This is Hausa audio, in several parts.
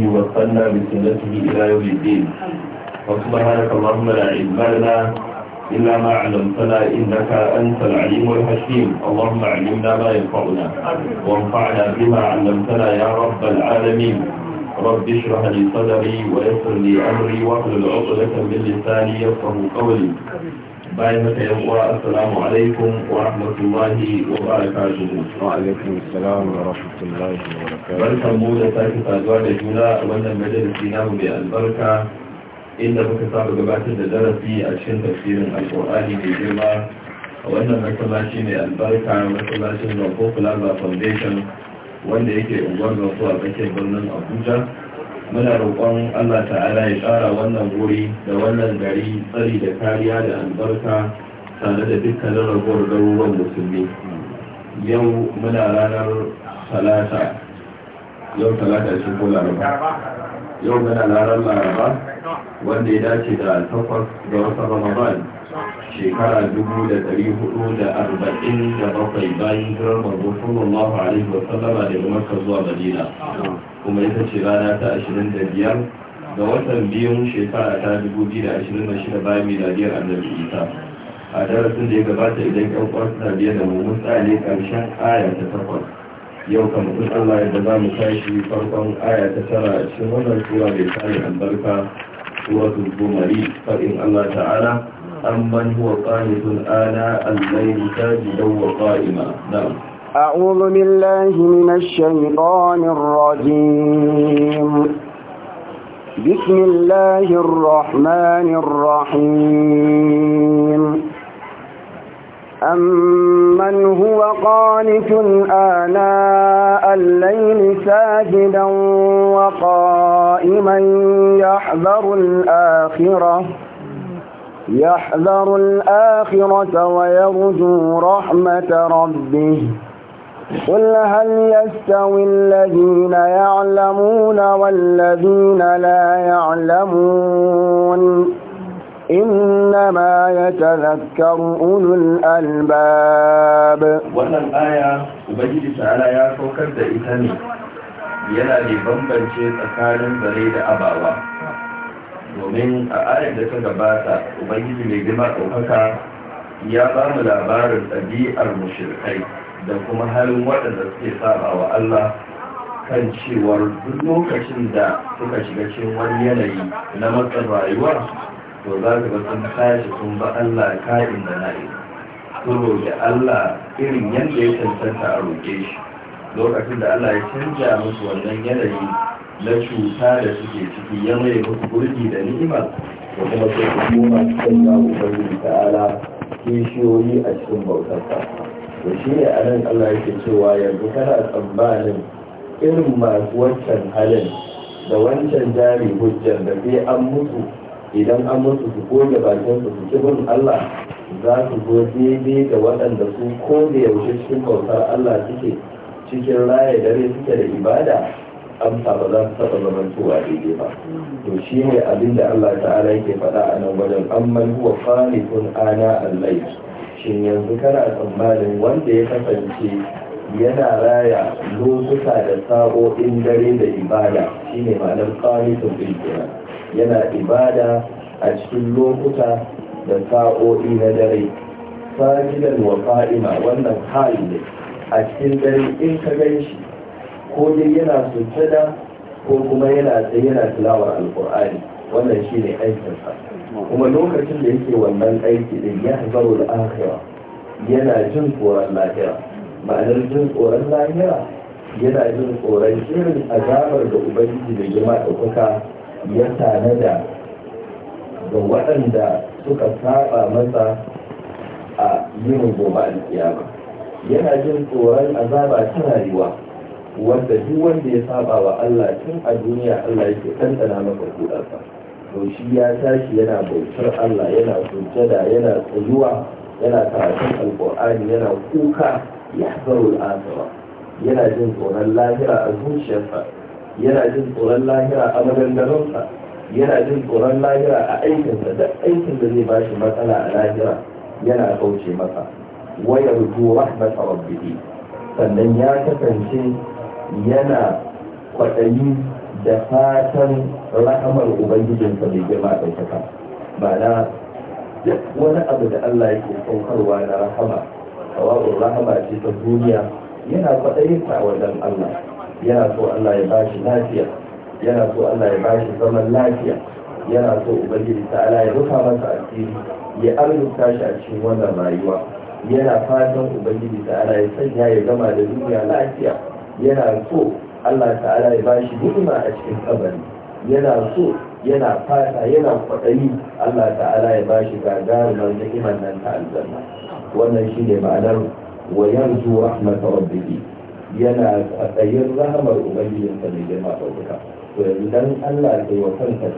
به واتقنا بسنته إلى يوم الدين وسبحانك اللهم لا علم لنا إلا ما علمتنا إنك أنت العليم الحكيم اللهم علمنا ما ينفعنا وانفعنا بما علمتنا يا رب العالمين رب اشرح لي صدري ويسر لي أمري واحلل عقدة من لساني يفقه قولي bayan haka yan uwa assalamu alaikum wa rahmatullahi wa barakatuhu wa alaikum assalam wa rahmatullahi wa barakatuhu barkan mu da sake saduwa da juna a wannan majalisi mu mai albarka inda muka saba gabatar da darasi a cikin tafsirin alqur'ani mai girma a wannan masallaci mai albarka masallacin Zonko Plaza Foundation wanda yake unguwar Zonko a tsakiyar birnin Abuja muna roƙon allah ta'ala ya ƙara wannan wuri da wannan gari tsari da kariya da albarka tare da dukkanin ragowar garuruwan musulmi yau muna ranar talata yau talata shi ko laraba yau muna ranar laraba wanda ya dace da takwas ga wata ramadan shekara dubu da dari hudu da arba'in da bakwai bayan hirar manzo sallallahu alaihi wa sallama da makka zuwa madina kuma ita ce rana ta ashirin da biyar ga watan biyun shekara ta dubu biyu da ashirin da shida bayan miladiyar annabi isa a darasin da ya gabata idan yan kwasa biyar da mummun tsari karshen aya ta takwas yau kamar in allah yadda za mu tashi farkon aya ta tara a cikin wannan sura mai tsarin albarka suratul zumari faɗin allah ta'ala أمن هو قانت آلاء الليل ساجدا وقائما نعم أعوذ بالله من الشيطان الرجيم بسم الله الرحمن الرحيم أمن هو قانت آناء الليل ساجدا وقائما يحذر الآخرة يحذر الآخرة ويرجو رحمة ربه قل هل يستوي الذين يعلمون والذين لا يعلمون إنما يتذكر أولو الألباب وانا الآية ubangiji ta'ala يا فوكر da يلا ne yana da بريد أباوة domin a ayar da ta gabata ubangiji mai girma ɗaukaka ya ba mu labarin ɗabi'ar mushirkai da kuma halin waɗanda suke saba wa Allah kan cewar duk lokacin da suka shiga cikin wani yanayi na matsin rayuwa to za ka ga sun tashi sun ba Allah ka'in da na'in roƙi Allah irin yadda ya tantanta a roƙe shi lokacin da Allah ya canja musu wannan yanayi na cuta da suke ciki ya mai muku gurbi da ni'ima da kuma sai su cikin ubangiji ta'ala kishiyoyi a cikin bautarsa to shi ne a nan Allah yake cewa yanzu kana tsammanin irin masu wancan halin da wancan jari hujjar da sai an mutu idan an mutu su goge bakin su su Allah za su zo daidai da waɗanda su ko da yaushe cikin bautar Allah suke cikin raya dare suke da ibada amsa ba za su taɓa zaman cewa daidai ba to shi ne abin da Allah ta'ala yake faɗa a nan wajen amman huwa qanitun ana allai shi shin yanzu kana tsammanin wanda ya kasance yana raya lokuta da sa'o'in dare da ibada shine ma'anar qanitun din yana ibada a cikin lokuta da sa'o'i na dare sajidan wa fa'ima wannan hali ne a cikin dare in ka gan shi ko dai yana sujjada ko kuma yana tsaye yana tilawar alkur'ani wannan shi ne aikinsa kuma lokacin da yake wannan aiki din ya zaro da akhira yana jin tsoron lahira ma'anar jin tsoron lahira yana jin tsoron irin azabar da ubangiji da girma ɗaukaka ya tanada ga waɗanda suka saba masa a yin gobe alkiyama yana jin tsoron azaba ta rayuwa wanda duk wanda ya saba wa Allah tun a duniya Allah yake tantana maka kudarsa to shi ya tashi yana bautar Allah yana sujjada yana tsayuwa yana karatun alqur'ani yana kuka yahzaru akhirah yana jin tsoron lahira a zuciyarsa yana jin tsoron lahira a maganganunsa yana jin tsoron lahira a aikinsa da aikin da zai bashi matsala a lahira yana kauce masa wa yarju rahmat rabbih sannan ya kasance yana kwaɗayi da fatan rahamar ubangijinsa mai girma da Ba ma'ana duk wani abu da Allah yake saukarwa na rahama sawa'un rahama ce ta duniya yana kwaɗayin sa wajen Allah yana so Allah ya bashi lafiya yana so Allah ya bashi zaman lafiya yana so ubangiji ta'ala ya rufa masa asiri ya arzuta shi a cikin wannan rayuwa yana fatan ubangiji ta'ala ya sanya ya gama da duniya lafiya yana so Allah ta'ala ya bashi ni'ima a cikin kabari yana so yana fata yana kwaɗayi Allah ta'ala ya bashi gagarumar ni'imar nan ta aljanna wannan shine ma'anar wa yanzu rahmat rabbihi yana kwaɗayin rahamar ubangijinsa mai girma ɗaukaka to yanzu dan Allah kai wa kanka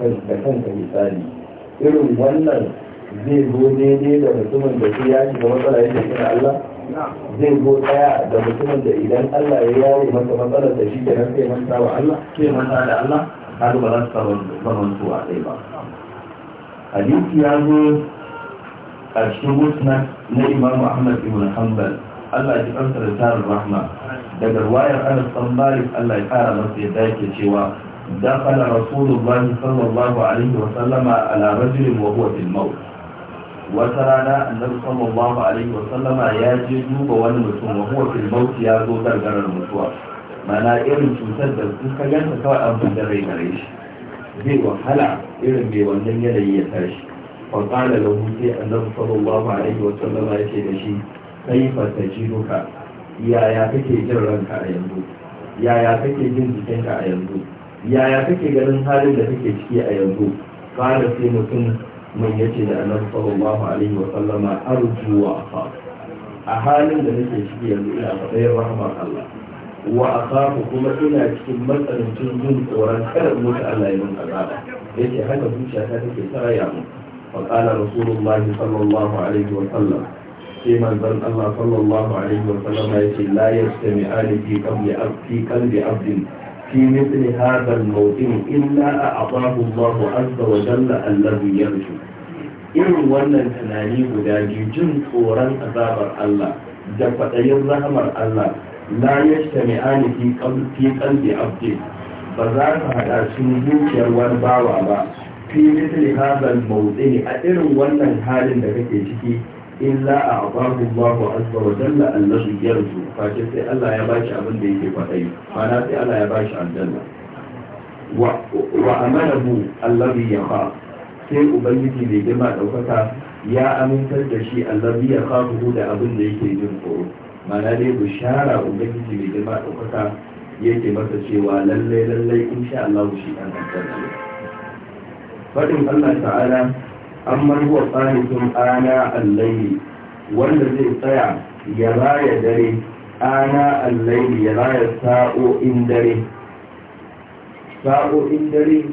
kanka misali irin wannan zai zo daidai da mutumin da shi ya shiga matsala yake kira Allah zai zo daya da mutumin da idan Allah ya yi masa matsalar da shi ke nan sai manta wa Allah sai manta da Allah har ba za su saman su a ɗaya ba hadisi ya zo a cikin musnad na Imam Muhammad ibn hanbal Allah ya kansa da tarin rahma daga ruwayar anas dan malik Allah ya kara masa yadda yake cewa دخل رسول الله صلى الله عليه وسلم على رجل وهو في الموت wata rana annabi sallallahu alaihi wa sallama ya je duba wani mutum wa huwa fil maut ya zo gargarar mutuwa mana irin cutar da ka ganta kawai an bada rai gare shi zai wahala irin mai wannan yanayi ya tashi fa qala lahu sai annabi sallallahu alaihi wa sallama yake da shi Kai kaifa tajiduka yaya kake jin ranka a yanzu yaya kake jin jikinka a yanzu yaya kake ganin halin da kake ciki a yanzu qala sai mutum man yace da annabi sallallahu alaihi wa sallama arju wa a halin da nake ciki yanzu ina matsayin rahmar Allah wa akhafu kuma ina cikin matsanancin jin tsoron kada mutu Allah ya mun azaba yace haka zuciya ta take tsaya mu fa qala rasulullahi sallallahu alaihi wa sallam sai manzon Allah sallallahu alaihi wa sallama yace la yastami'ani fi في مثل هذا الموضع إلا أعطاه الله عز وجل الذي يرجو irin wannan tunani guda biyu jin tsoron azabar Allah da kwaɗayin rahamar Allah la yajtami'ani fi qalbi qalbi abdi ba za ka hada cikin zuciyar wani bawa ba fi mithli hadha al a irin wannan halin da kake ciki illa a abahu Allahu azza wa jalla allazi yarju kace sai Allah ya bashi abin da yake fadai mana sai Allah ya bashi aljanna wa wa amanahu allazi yakha sai ubangiji mai girma daukaka ya amintar da shi allazi yakhafu da abin da yake jin tsoro mana dai bishara ubangiji mai girma daukaka yake masa cewa lalle lalle insha Allah shi an aljanna fadin Allah ta'ala An huwa qanitun ana al-layli wanda zai tsaya ya raya dare ana al-layli ya raya sa'o'in dare sa'o'in dare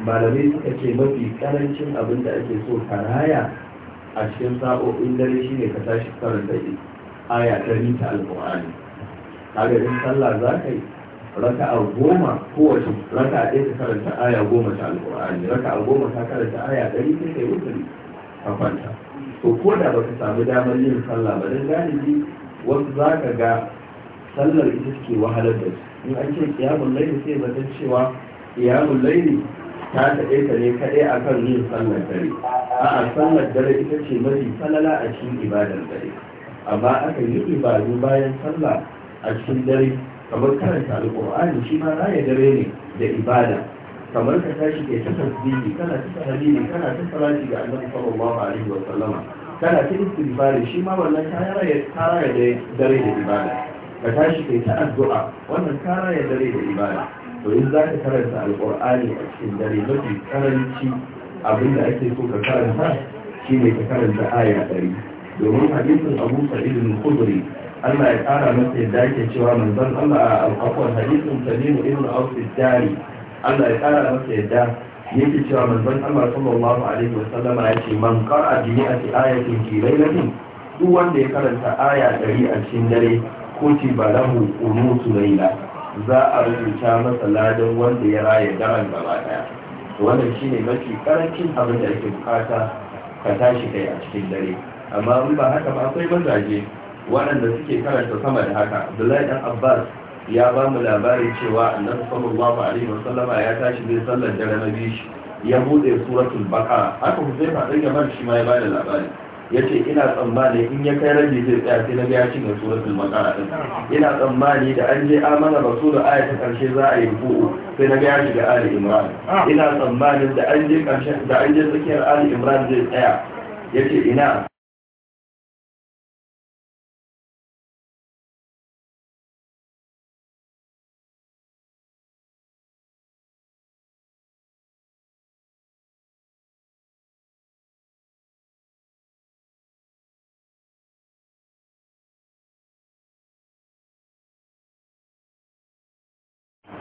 malamai suka ce mafi karancin abin da ake so karaya, a cikin sa'o'in dare shine ka tashi karanta aya ta rita al-qur'ani kaga in sallah za ka yi Raka a goma kowace a ɗaya ta karanta aya goma ta alƙur'ani a goma ta karanta aya ɗari ta kai wutari a kwanta to ko da baka samu damar yin sallah ba dan galibi wasu za ka ga sallar ita suke wahalar da su in an ce kiyamun laili sai zaton cewa kiyamun laili ta taɓe ta ne kaɗai a kan yin sallar dare a'a sallar dare ita ce mafi falala a cikin ibadar dare amma aka yi ibadu bayan sallah a cikin dare kamar karanta alkur'ani shi ma raya dare ne da ibada kamar ka tashi ke ta tasbihi kana ta tahlili kana ta salati ga annabi sallallahu alaihi wa sallama kana ta istighfar shi ma wannan ta raya ta raya dare da ibada ka tashi ke ta addu'a wannan ta raya dare da ibada to in za ka karanta alkur'ani a cikin dare mafi karanci abin da ake so ka karanta ne ka karanta aya 100 domin hadisin abu sa'id al-khudri Allah ya kara masa yadda ake cewa manzon Allah a alƙafon hadisin Salimu ibn Auf dari Allah ya kara masa yadda yake cewa manzon Allah sallallahu alaihi wa sallama ya ce man qara bi mi'ati ayatin fi lailatin duk wanda ya karanta aya dari a cikin dare ko ci lahu qunutu laila za a rubuta masa ladan wanda ya raya daren gaba daya wannan shine mafi karancin abin da ake bukata ka tashi kai a cikin dare amma in ba haka ba akwai mazaje waɗanda suke karanta sama da haka abdullahi dan abbas ya ba mu labari cewa annabi sallallahu alaihi wasallama ya tashi zai sallar dare na biyu ya bude suratul baqara haka zai ya bar shi ma ya bada labari ya ce ina tsammani in ya kai rabi zai tsaya sai na ga ya cinye suratul baqara din ina tsammani da an je amana rasulu aya ta karshe za a yi ruku sai na ga ya shiga ali imran ina tsammanin da an je karshe da an je tsakiyar ali imran zai tsaya yace ina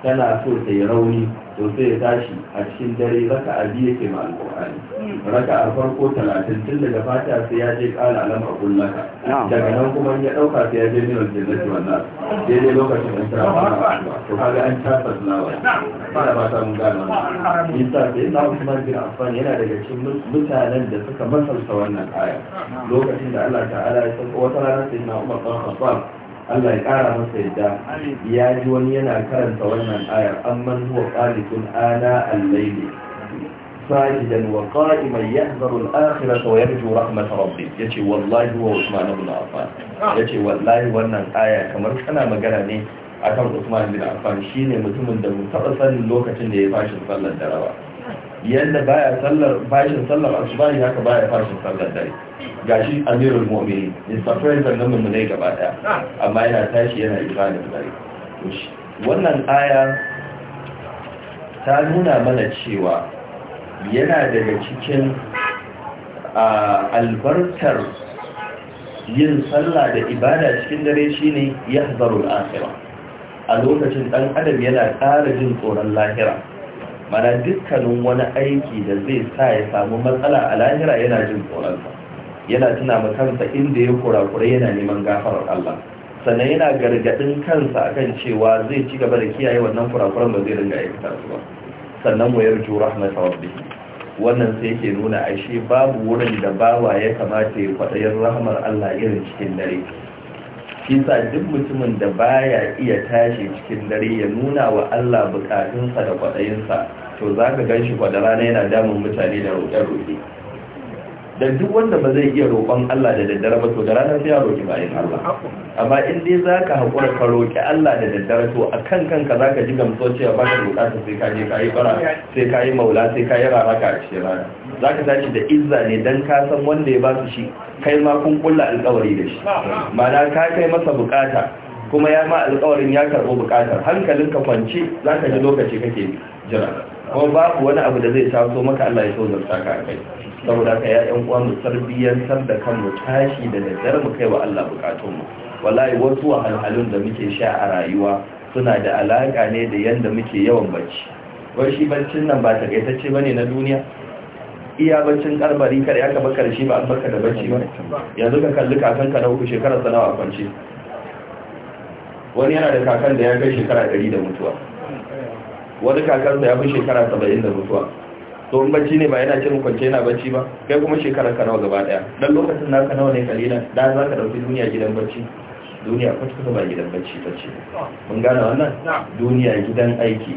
tana so ta yi rauni to sai ya tashi a cikin dare raka a biyu ke ma alƙur'ani raka a farko talatin tun daga fata sai ya je ƙala alam a kullaka daga nan kuma ya ɗauka sai ya je min aljannati wannan daidai lokacin an tara ba to kaga an tafa sulawa fara ba ta mun gano isa sai na usman bin affan yana daga cikin mutanen da suka masalta wannan aya lokacin da Allah ta'ala ya saka wata rana sai na umar bin affan Allah ya ƙara masa yadda ya ji wani yana karanta wannan ayar amman huwa qalitun ana al-layli sajidan wa qa'iman yahzaru al-akhirata wa yarju rahmat rabbih yace wallahi wa Usman ibn Affan yace wallahi wannan aya kamar kana magana ne akan Usman ibn Affan shine mutumin da mun taɓa sanin lokacin da ya fashin sallar daraba yanda baya sallar fashin sallar asubahi haka baya fashin sallar dare gashi amirul mu'minin insafirin sannan mummunai gaba daya amma yana tashi yana da zai wannan aya ta nuna mana cewa yana daga cikin albarkar yin sallah da ibada cikin dare shine yahzarul akhirah a lokacin dan adam yana ƙara jin tsoron lahira mana dukkanin wani aiki da zai sa ya samu matsala a lahira yana jin tsoronsa yana tuna ma kansa inda ya kurakura yana neman gafarar Allah sannan yana gargadin kansa akan cewa zai ci gaba da kiyaye wannan kurakuran ba zai ringa aikata su ba sannan mu yarju rahmat rabbi wannan sai yake nuna ashe babu wurin da bawa ya kamata ya kwadayin rahmar Allah irin cikin dare shi sa duk mutumin da baya iya tashi cikin dare ya nuna wa Allah bukatunsa da kwadayinsa to zaka ganshi kwadara yana damun mutane da roƙe-roƙe Da duk wanda ba zai iya roƙon Allah da daddare ba to da ranar sai ya roki bayan Allah amma in dai zaka hakura ka roƙi Allah da daddare to akan kanka zaka ji gamsuwa cewa ba ka buƙatar sai ka je ka yi bara sai ka yi maula sai ka yi raraka a cikin rana zaka tashi da izza ne dan ka san wanda ya ba su shi kai ma kun kulla alƙawari da shi ma'ana ka kai masa buƙata kuma ya ma alƙawarin ya karɓo buƙatar ka kwance zaka ji lokaci kake jira kuma babu wani abu da zai taso maka Allah ya so zarta ka kai saboda ka ya'yan uwa mu tarbiyyantar da kan mu tashi da daddare mu kai wa Allah mu. wallahi wasu wahalhalun da muke sha a rayuwa suna da alaka ne da yanda muke yawan bacci wai shi baccin nan ba takaitacce bane na duniya iya baccin karbari kar ya kaba karshe ba an da bacci ba yanzu ka kalli kakan ka na uku shekarar a kwance wani yana da kakan da ya kai shekara 100 da mutuwa wani kakansa ya fi shekara 70 da mutuwa to bacci ne ba yana cin kwance yana bacci ba kai kuma shekarar kanawa gaba daya dan lokacin na ka nawa ne kalilan da za ka dauki duniya gidan bacci duniya kwata ba gidan bacci bacci mun gane wannan duniya gidan aiki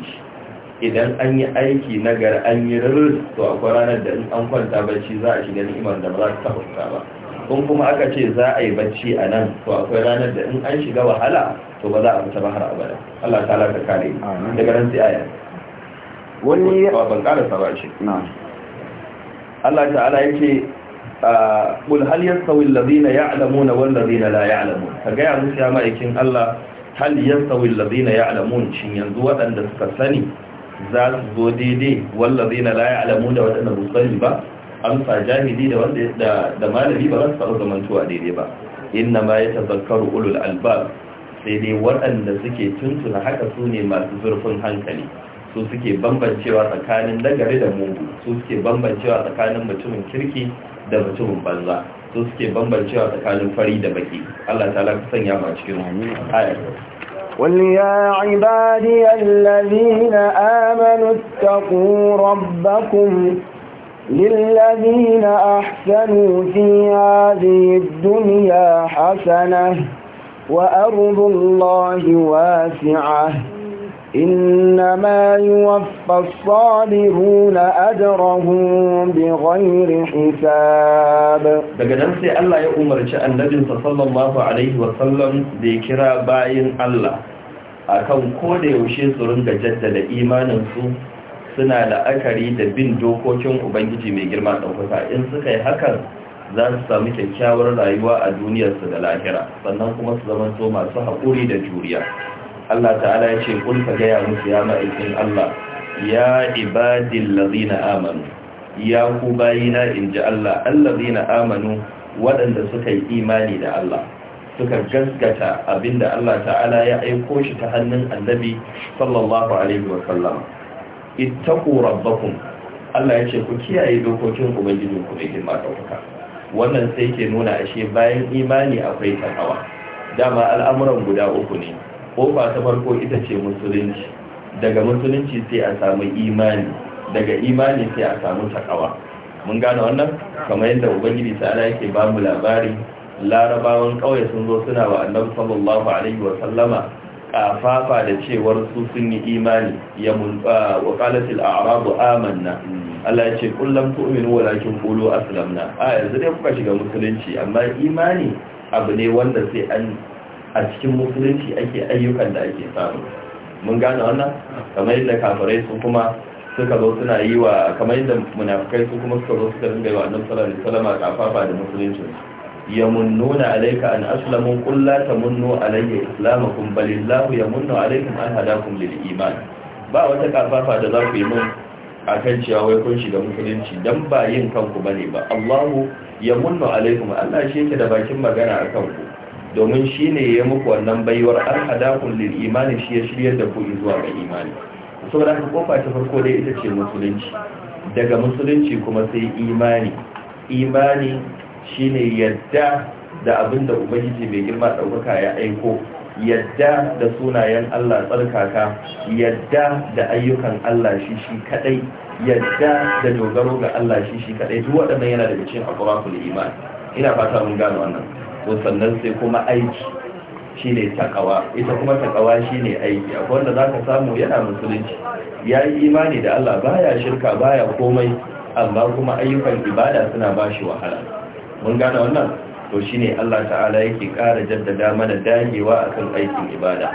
idan an yi aiki na gar an yi rurrus to akwai ranar da in an kwanta bacci za a shiga ni'imar da ba za ta tabbata ba kun kuma aka ce za a yi bacci a nan to akwai ranar da in an shiga wahala to ba za a fita ba har abada Allah ta ka kare daga ran sai aya wani ban karasa ba shi Allah ta'ala yake ah, qul hal yastawi alladhina ya'lamuna wal ladina la ya'lamun kaga ya musu ya ma'aikin Allah hal yastawi alladhina ya'lamun shin yanzu waɗanda suka sani za su zo daidai wal ladina la ya'lamuna waɗanda ba sani ba amsa jahili da wanda da malami ba za su samu zamantuwa daidai ba inna ma yatazakkaru ulul albab sai dai waɗanda suke tuntuna haka su ne masu zurfin hankali su suke bambancewa tsakanin nagari da mugu su suke bambancewa tsakanin mutumin kirki da mutumin banza su suke bambancewa tsakanin fari da baki Allah ta lafi sanya ma cikin ayar قل يا عبادي الذين آمنوا اتقوا ربكم للذين أحسنوا في هذه الدنيا حسنة وأرض الله واسعة إنما يوفى الصابرون أجرهم بغير حساب دقدم سي الله يؤمر شاء النبي صلى الله عليه وسلم ذكرى باين الله akan koda yaushe su ringa jaddada imaninsu suna la'akari da bin dokokin ubangiji mai girma ɗaukaka in suka yi hakan za su sami kyakkyawar rayuwa a duniyarsu da lahira sannan kuma su zama masu haƙuri da juriya Allah ta'ala ya ce kun ka gaya musu ya ma'aikin Allah ya ibadin lazina amanu ya ku bayina in ji Allah allazina amanu waɗanda suka yi imani da Allah suka gaskata abinda Allah ta'ala ya aiko shi ta hannun annabi sallallahu alaihi wa sallam ittaqu rabbakum Allah ya ce ku kiyaye dokokin ubangijin ku mai girma dauka wannan sai ke nuna ashe bayan imani akwai tarawa. dama al'amuran guda uku ne kofa ta farko ita ce musulunci daga musulunci sai a samu imani daga imani sai a samu takawa mun gane wannan kamar yadda ubangiji ta'ala yake ba mu labari larabawan kauye sun zo suna wa annabi sallallahu alaihi wa sallama kafafa da cewar su sun yi imani ya mulba ah, wa qalatil a'rabu amanna Allah ya ce kullum tu'minu walakin qulu aslamna a yanzu dai kuka shiga musulunci amma imani abu ne wanda sai an a cikin musulunci ake ayyukan da ake samu mun gane wannan kamar yadda kafirai su kuma suka zo suna yi wa kamar yadda munafikai su kuma suka zo suka dinga yi wa annabi sallallahu alaihi wasallam kafafa da musulunci ya munnuna alayka an aslamu qul la tamunnu alayya islamakum bal illahu yamunnu alaykum an hadakum lil iman ba wata kafafa da za ku yi mun akan cewa wai kun shiga musulunci dan ba yin kanku bane ba Allahu yamunnu alaykum Allah shi yake da bakin magana akan ku domin shi ne ya muku wannan baiwar an hadakun lil imani shi ya shirya da ku zuwa ga imani da aka kofa ta farko dai ita ce musulunci daga musulunci kuma sai imani imani shi ne yadda da abin da ubangiji mai girma ɗaukaka ya aiko yadda da sunayen Allah tsarkaka yadda da ayyukan Allah shi shi kadai yadda da dogaro ga Allah shi shi kadai duk waɗannan yana daga cikin aqwaqul iman ina fata mun gano wannan to sannan sai kuma aiki shine takawa ita kuma takawa shine aiki akwai wanda ka samu yana musulunci ya yi imani da Allah ba ya shirka ba ya komai amma kuma ayyukan ibada suna ba shi wahala mun gane wannan to shine Allah ta'ala yake ƙara jaddada mana dagewa akan aikin ibada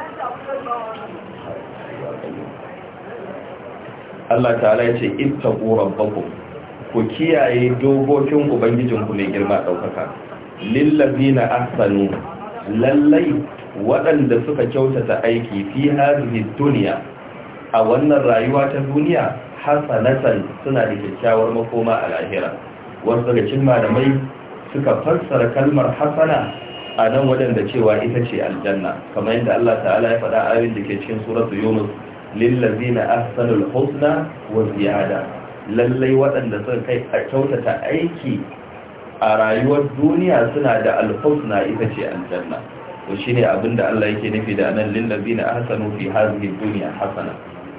Allah ta'ala ya ce ittaqu rabbakum ku kiyaye dogokin ubangijinku mai girma daukaka na ahsanu lallai waɗanda suka kyautata aiki fi hadhihi dunya a wannan rayuwa ta duniya hasanatan suna da kyakkyawar makoma a lahira wasu daga cikin malamai suka fassara kalmar hasana a nan waɗanda cewa ita ce aljanna kamar yadda Allah ta'ala ya faɗa abin da ke cikin suratu yunus lillazina ahsanul husna wa ziyada lallai waɗanda suka kai a kyautata aiki a rayuwar duniya suna da alhusna ita ce aljanna to shine abin da Allah yake nufi da anan lil ladina ahsanu fi hadhihi dunya hasana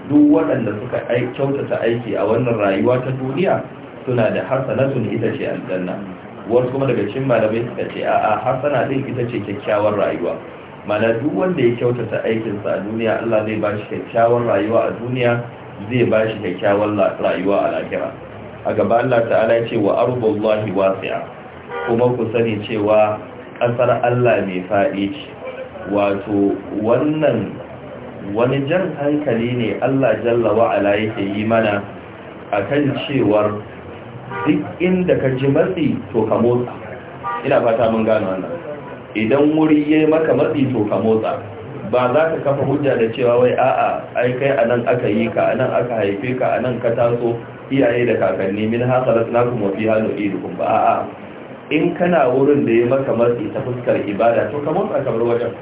duk waɗanda suka kyautata aiki a wannan rayuwa ta duniya suna da hasanatun ita ce aljanna wasu kuma daga cikin malamai suka ce a'a hasana din ita ce kyakkyawar rayuwa mana duk wanda ya kyautata aikinsa a duniya Allah zai ba shi kyakkyawar rayuwa a duniya zai ba shi kyakkyawar rayuwa a lahira a gaba Allah ta'ala ce wa ardullahi wasi'a kuma ku sani cewa ƙasar Allah mai faɗi ce wato wannan wani jan hankali ne Allah jalla Ala yake yi mana akan cewar duk inda ka ji matsi to ka motsa ina fata mun gano wannan idan wuri yayi maka matsi to ka motsa ba za ka kafa hujja da cewa wai a'a ai kai anan aka yi ka anan aka haife ka anan ka taso iyaye da kakanni min haka na kuma fi hannu idukun ba a'a in kana wurin da ya maka matsi ta fuskar ibada to kamar motsa kamar wajen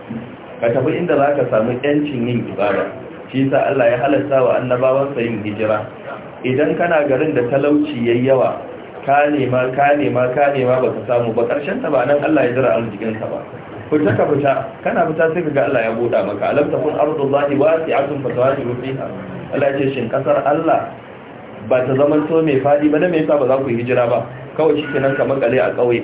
ka tafi inda za ka samu yancin yin ibada shi sa Allah ya halatta wa annabawansa yin hijira idan kana garin da talauci yayi yawa ka nema ka nema ka nema ba ka samu ba karshen ta ba nan Allah ya jira arzikin sa ba fita ka fita kana fita sai kaga Allah ya buɗa maka alam takun ardullahi wasi'atun fatawajibu fiha Allah ya ce shin kasar Allah ba ta zamanto mai fadi ba da mai yasa ba za ku hijira ba kawai shi kenan ka makale a kauye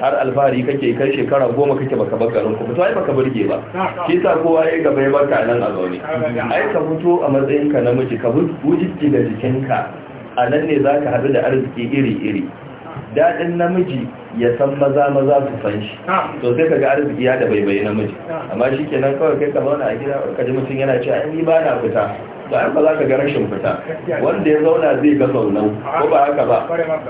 har alfahari kake kai shekara goma kake baka bar garin ku to ai baka burge ba shi yasa kowa ya gaba ya barka nan a zaune ai ka fito a matsayin ka namiji ka bujiji da jikinka a nan ne za ka haɗu da arziki iri-iri daɗin namiji ya san maza maza su san shi to sai ga arziki ya da bai namiji amma shi kenan kawai kai ka zauna a gida ka ji mutum yana cewa ni ba na fita ba ba za ka ga rashin fita wanda ya zauna zai ga zaunau ko ba haka ba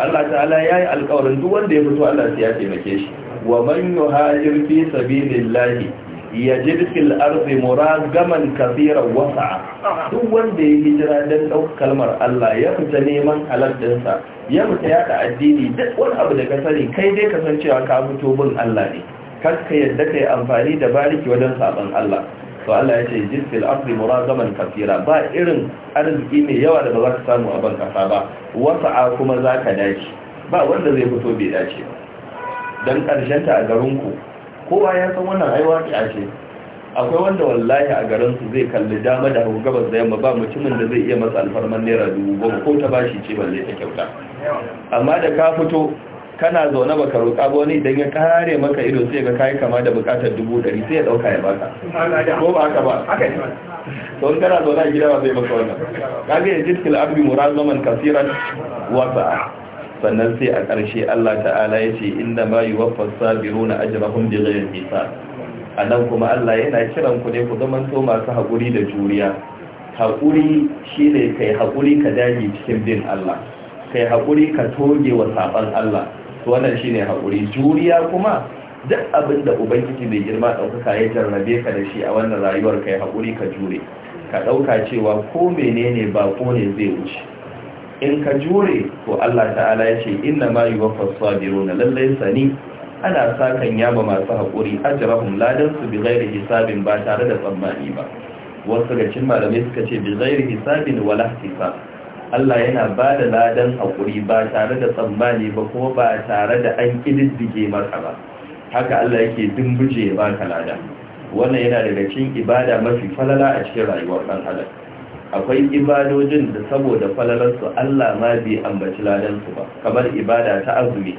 Allah ta'ala ya yi alƙawarin duk wanda ya fito Allah sai ya taimake shi wa man yuhajir fi sabilillahi yajid fil ardi muragaman kaseeran wasa'a duk wanda ya hijira dan dauk kalmar Allah ya fita neman halallinsa ya fita yada addini duk wani abu da ka sani kai dai ka san cewa ka fito bin Allah ne kar ka yadda kai amfani da bariki wajen saban Allah to Allah ya ce jifil asri murazaman kafira ba irin arziki mai yawa da ba za ka samu a kasa ba a kuma za ka dace ba wanda zai fito bai dace ba don ƙarshenta ta a garinku kowa ya san wannan aiwa a ce akwai wanda wallahi a garinsu zai kalli dama da hau gabas da yamma ba mutumin da zai iya masa alfarman naira dubu goma ko ta bashi ce balle ta kyauta amma da ka fito kana zaune baka roƙa ba wani idan ya kare maka ido sai ga kai kama da bukatar dubu ɗari sai ya ɗauka ya baka ko ba haka ba to in kana zaune a gida ba zai maka wannan kage ya jiskil abdi murazaman kasiran wasa sannan sai a ƙarshe Allah ta'ala ya ce inda ma yi waffar sabiru na bi zai nisa a nan kuma Allah yana kiran ku ne ku zaman to masu haƙuri da juriya haƙuri shi ne kai haƙuri ka dage cikin bin Allah kai haƙuri ka toge wa saɓan Allah to wannan shine hakuri juriya kuma duk abin da ubangiji mai girma ɗaukaka ya jarrabe ka da shi a wannan rayuwar ka yi haƙuri ka jure ka ɗauka cewa ko menene ba ko ne zai wuce in ka jure to Allah ta'ala ya ce inna ma yuwaffas na lallai sani ana sakan kan yaba masu hakuri ajrahum ladan su bi ghairi hisabin ba tare da tsammani ba wasu ga cin malamai suka ce bi ghairi hisabin wala hisab Allah yana ba da ladan haƙuri ba tare da tsammani ba kuma ba tare da an ƙididdige maka ba haka Allah yake dimbuje ya baka lada wannan yana daga cikin ibada mafi falala a cikin rayuwar ɗan adam akwai ibadojin da saboda falalarsu Allah ma bai ambaci ladansu ba kamar ibada ta azumi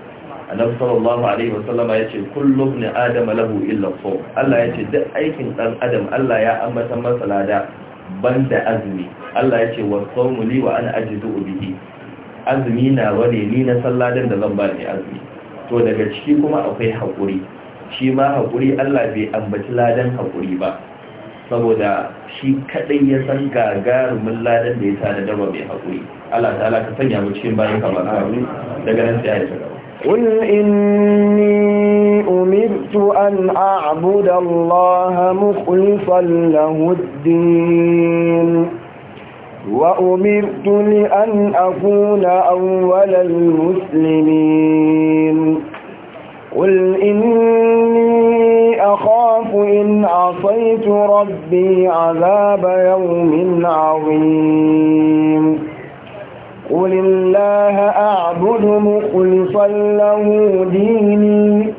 annabi sallallahu alaihi ya yace kullu ibn adam lahu illa sawm Allah yace duk aikin ɗan adam Allah ya ambata masa lada banda azumi Allah ya ce wa sawmu li wa ana ajizu biki azumi na wane ni na salladin da zan ba ni azumi to daga ciki kuma akwai haƙuri shi ma haƙuri Allah bai ambaci ladan haƙuri ba saboda shi kaɗai ya san gagarumin ladan da ya da dama mai haƙuri Allah ta'ala ka sanya mu cikin bayan kamar daga nan sai ya قل إني أمرت أن أعبد الله مخلصا له الدين وأمرت لأن أكون أول المسلمين قل إني أخاف إن عصيت ربي عذاب يوم عظيم قل الله أعبد مخلصا له ديني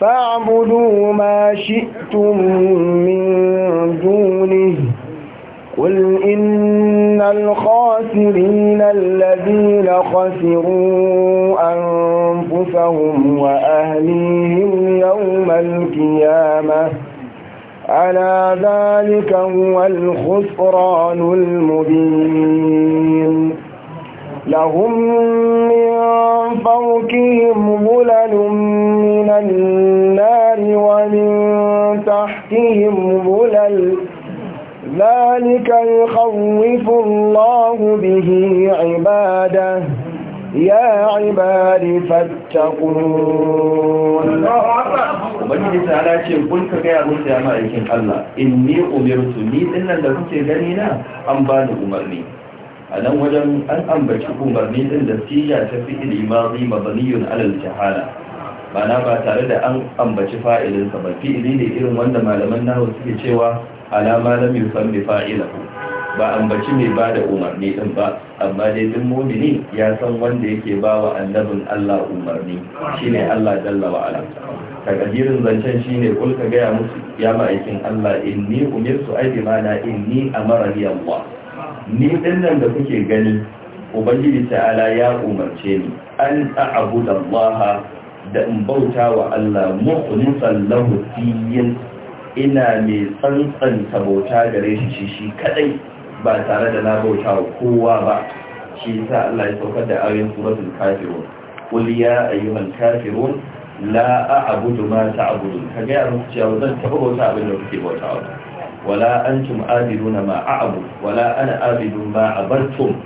فاعبدوا ما شئتم من دونه قل إن الخاسرين الذين خسروا أنفسهم وأهليهم يوم القيامة على ذلك هو الخسران المبين لهم من فوقهم ظلل من النار ومن تحتهم ظلل ذلك يخوف الله به عباده يا عباد فاتقون ubangiji ta ala ce kun ka gaya musu ya ma'aikin Allah in ni umirtu ni dinnan da kuke gani na an bani umarni a nan wajen an ambaci umarni din da siya ta fi madi mabniyun alal jahala bana ba tare da an ambaci fa'ilinsa ba fi'ili ne irin wanda malaman nahu suke cewa alama lam yusammi fa'ilahu ba ambaci mai ba da umarni din ba amma dai duk mumini ya san wanda yake ba wa annabin Allah umarni shine Allah jalla wa ala takadirin zancen shine kul ka gaya musu ya ma'aikin Allah inni umirtu ay inni amara marar Allah ni dinnan da kuke gani ubangiji ta'ala ya umarce ni an a'budu Allah da in bauta wa Allah mukhlisan lahu diyyan ina mai tsantsan bauta gare shi shi shi kadai ba tare da na bauta wa kowa ba shi yasa Allah ya saukar da ayoyin suratul kafirun qul ya ayyuhal kafirun la a'budu ma ta'budun kaga ya rubuta wannan zan taba bauta abin da kuke bauta wa wala antum abiduna ma a'budu wala ana abidun ma abartum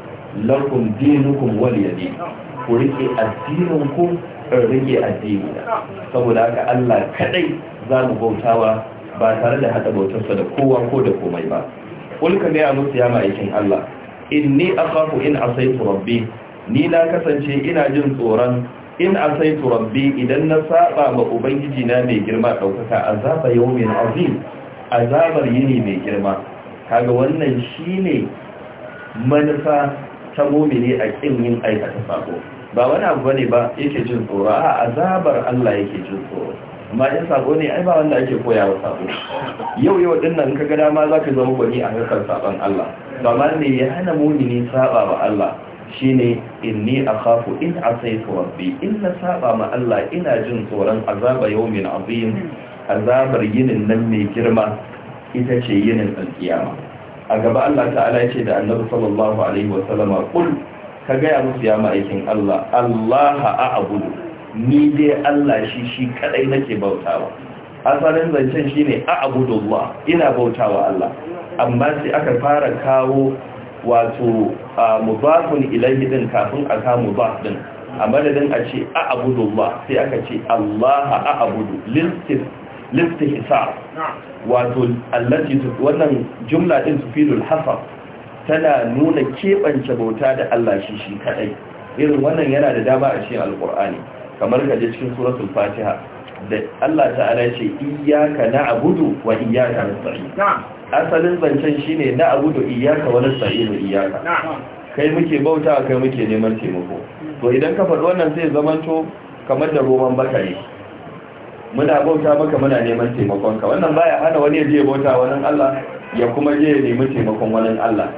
lakum dinukum waliyadi ku riƙe addinin ku rike addini saboda haka Allah kaɗai za mu bautawa ba tare da hada bautarsa da kowa ko da komai ba kulka ne a musu ya ma'aikin Allah inni akhafu in asaitu rabbi ni na kasance ina jin tsoron in asaitu rabbi idan na saɓa ma ubangiji na mai girma a daukaka azaba yawmin azim azabar yini mai girma kaga wannan shine manufa ta mumini a kin yin aikata sako ba wani abu bane ba yake jin tsoro a azabar Allah yake jin tsoro amma in sako ne ai ba wanda ake koya wa sako yau yau din nan kaga dama zaka zama gwani a harkar sabon Allah ba ma ne ya hana mumini saba wa Allah shine inni akhafu in asaytu rabbi in saba ma Allah ina jin tsoron azaba yawmin azim azabar yinin nan mai girma ita ce yinin alkiyama a gaba Allah ta'ala ce da annabi sallallahu alaihi wa sallama kul ka gaya musu ya ma'aikin Allah Allah a'budu ni dai Allah shi shi kadai nake bautawa asalin zancen shine Allah" ina bautawa Allah amma sai aka fara kawo wato mudafun ilayhi din kafin a kawo mudaf din a madadin a ce Allah sai aka ce Allah a'budu lil listihsa wato allati wannan jumla din tufidul hasab tana nuna kebance bauta da Allah shi shi kadai irin wannan yana da dama a cikin alqur'ani kamar kaje cikin suratul fatiha da Allah ta'ala ya ce iyyaka na'budu wa iyyaka nasta'in asalin zancen shine na'budu iyyaka wa nasta'inu iyyaka kai muke bauta kai muke neman taimako to idan ka faɗi wannan sai zamanto kamar da roman bakare muna bauta maka muna neman taimakonka wannan baya hana wani je bauta wannan Allah ya kuma je ya nemi taimakon wani Allah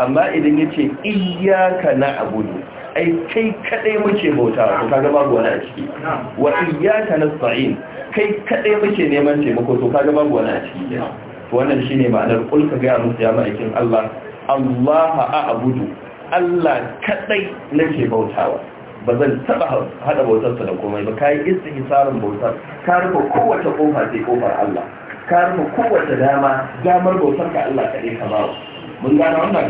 amma idan yace iyyaka na'budu ai kai kadai muke bauta to kaga babu wani a ciki wa iyyaka nasta'in kai kadai muke neman taimako to kaga babu wani a ciki to wannan shine ma'anar kulka ga musu ya ma'aikin Allah Allah a'budu Allah kadai nake bautawa ba zan taba hada bautarsa da komai ba kayi istihsarin bautar ka rufe kowace kofa sai kofar Allah ka rufe kowace dama damar bautar ka Allah kaɗai ka bawa mun gane wannan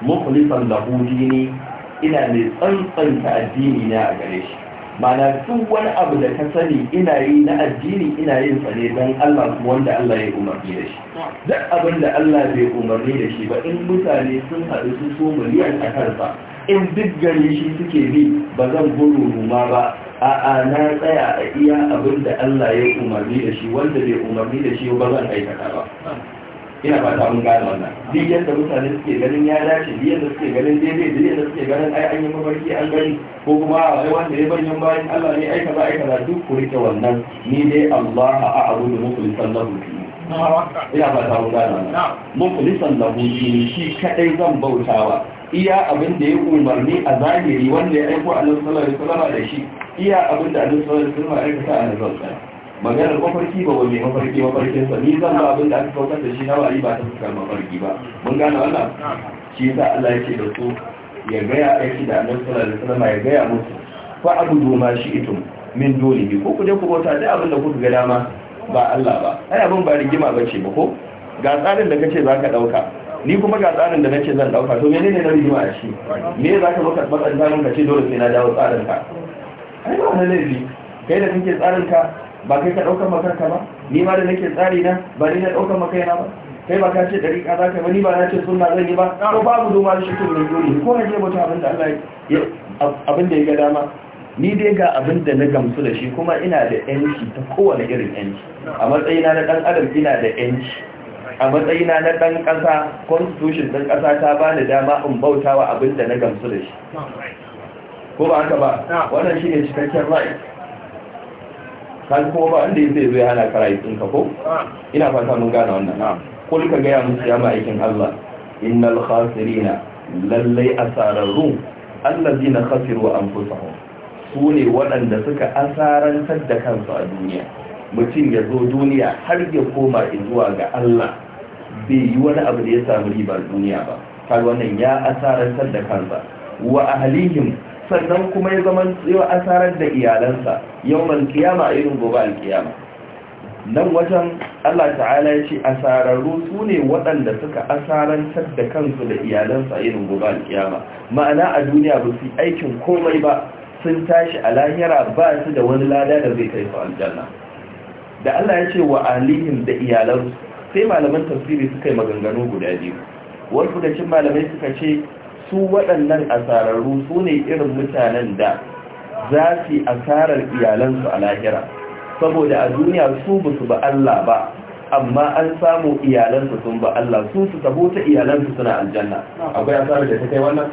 mukhlisan lahu dini ina mai tsantsanta addini na a gare shi mana duk wani abu da ka sani ina yi na addini ina yin sa ne don Allah wanda Allah ya umarni da shi duk abin da Allah bai umarni da shi ba in mutane sun haɗu su so miliyan a kansa in duk gare shi suke bi ba zan gudu ruma ba a'a na tsaya a iya abin da Allah ya umarni da shi wanda bai umarni da shi ba zan aikata ba ina ba ta mun gane wannan duk yadda mutane suke ganin ya dace duk yadda suke ganin daidai duk yadda suke ganin ai an yi mafarki an gani ko kuma ai wanda ya bayyana bayan Allah ne aika ba aika duk ku rike wannan ni dai Allah a a'budu mukhlishan lahu ina ba ta mun gane wannan mukhlishan lahu shi kadai zan bautawa iya abin da ya umarni a zahiri wanda ya aiko a nasarar salama da shi iya abin da a da salama ya kasa a nasarar maganar mafarki ba wani mafarki mafarkin sa ni zan ba abin da aka saukar da shi na wari ba ta fuskar mafarki ba mun gane wannan shi yasa Allah yake da su ya gaya aiki da annabi sallallahu alaihi ya gaya musu fa abudu ma itum min dunihi ko ku je ku bauta dai abin da kuka ga dama ba Allah ba ai abin ba rigima bace ba ko ga tsarin da kace zaka dauka ni kuma ga tsarin da na ce zan dauka to menene na rigima a shi me za ka maka matsan tsarin ka ce dole sai na dawo tsarin ka ai ba na laifi kai da kike tsarin ka ba kai ka maka ka ba ni ma da nake tsari na ba ni na maka makaina ba kai ba ka ce ka za ka ba ni ba na ce suna zan yi ba ko babu doma da shi da dole ko na je mutu abin da Allah ya abin da ya ga dama ni dai ga abin da na gamsu da shi kuma ina da yanci ta kowane irin yanci a matsayina na dan adam ina da yanci a matsayina na ɗan ƙasa constitution ɗan ƙasa ta ba ni dama in bauta wa abin da na gamsu da shi ko ba haka ba wannan shi ne cikakken right kan kuma ba inda zai zai hana ka rayuwar ko ina fata mun gane wannan kul ka gaya musu ya ma'aikin Allah innal khasirina lallai asararru allazina khasiru anfusahum su ne waɗanda suka asarantar da kansu a duniya mutum ya zo duniya har ya koma zuwa ga Allah bai yi wani abu da ya samu a duniya ba kaga wannan ya asarantar da kansa wa ahlihim sannan kuma ya zama ya asarar da iyalansa yawmal qiyama irin gobe alqiyama nan wajen Allah ta'ala ya ce asararru su ne waɗanda suka asarantar da kansu da iyalansa irin gobe alkiyama ma'ana a duniya ba su aikin komai ba sun tashi a lahira ba su da wani lada da zai kai su aljanna da Allah ya ce wa alihim da iyalansu sai malaman tafsiri suka yi maganganu guda biyu wasu da cin malamai suka ce su waɗannan asararru su ne irin mutanen da za su asarar iyalansu a lahira saboda a duniya su ba su ba Allah ba amma an samu iyalansu sun ba Allah su su tabo ta iyalansu suna aljanna akwai asarar da ta kai wannan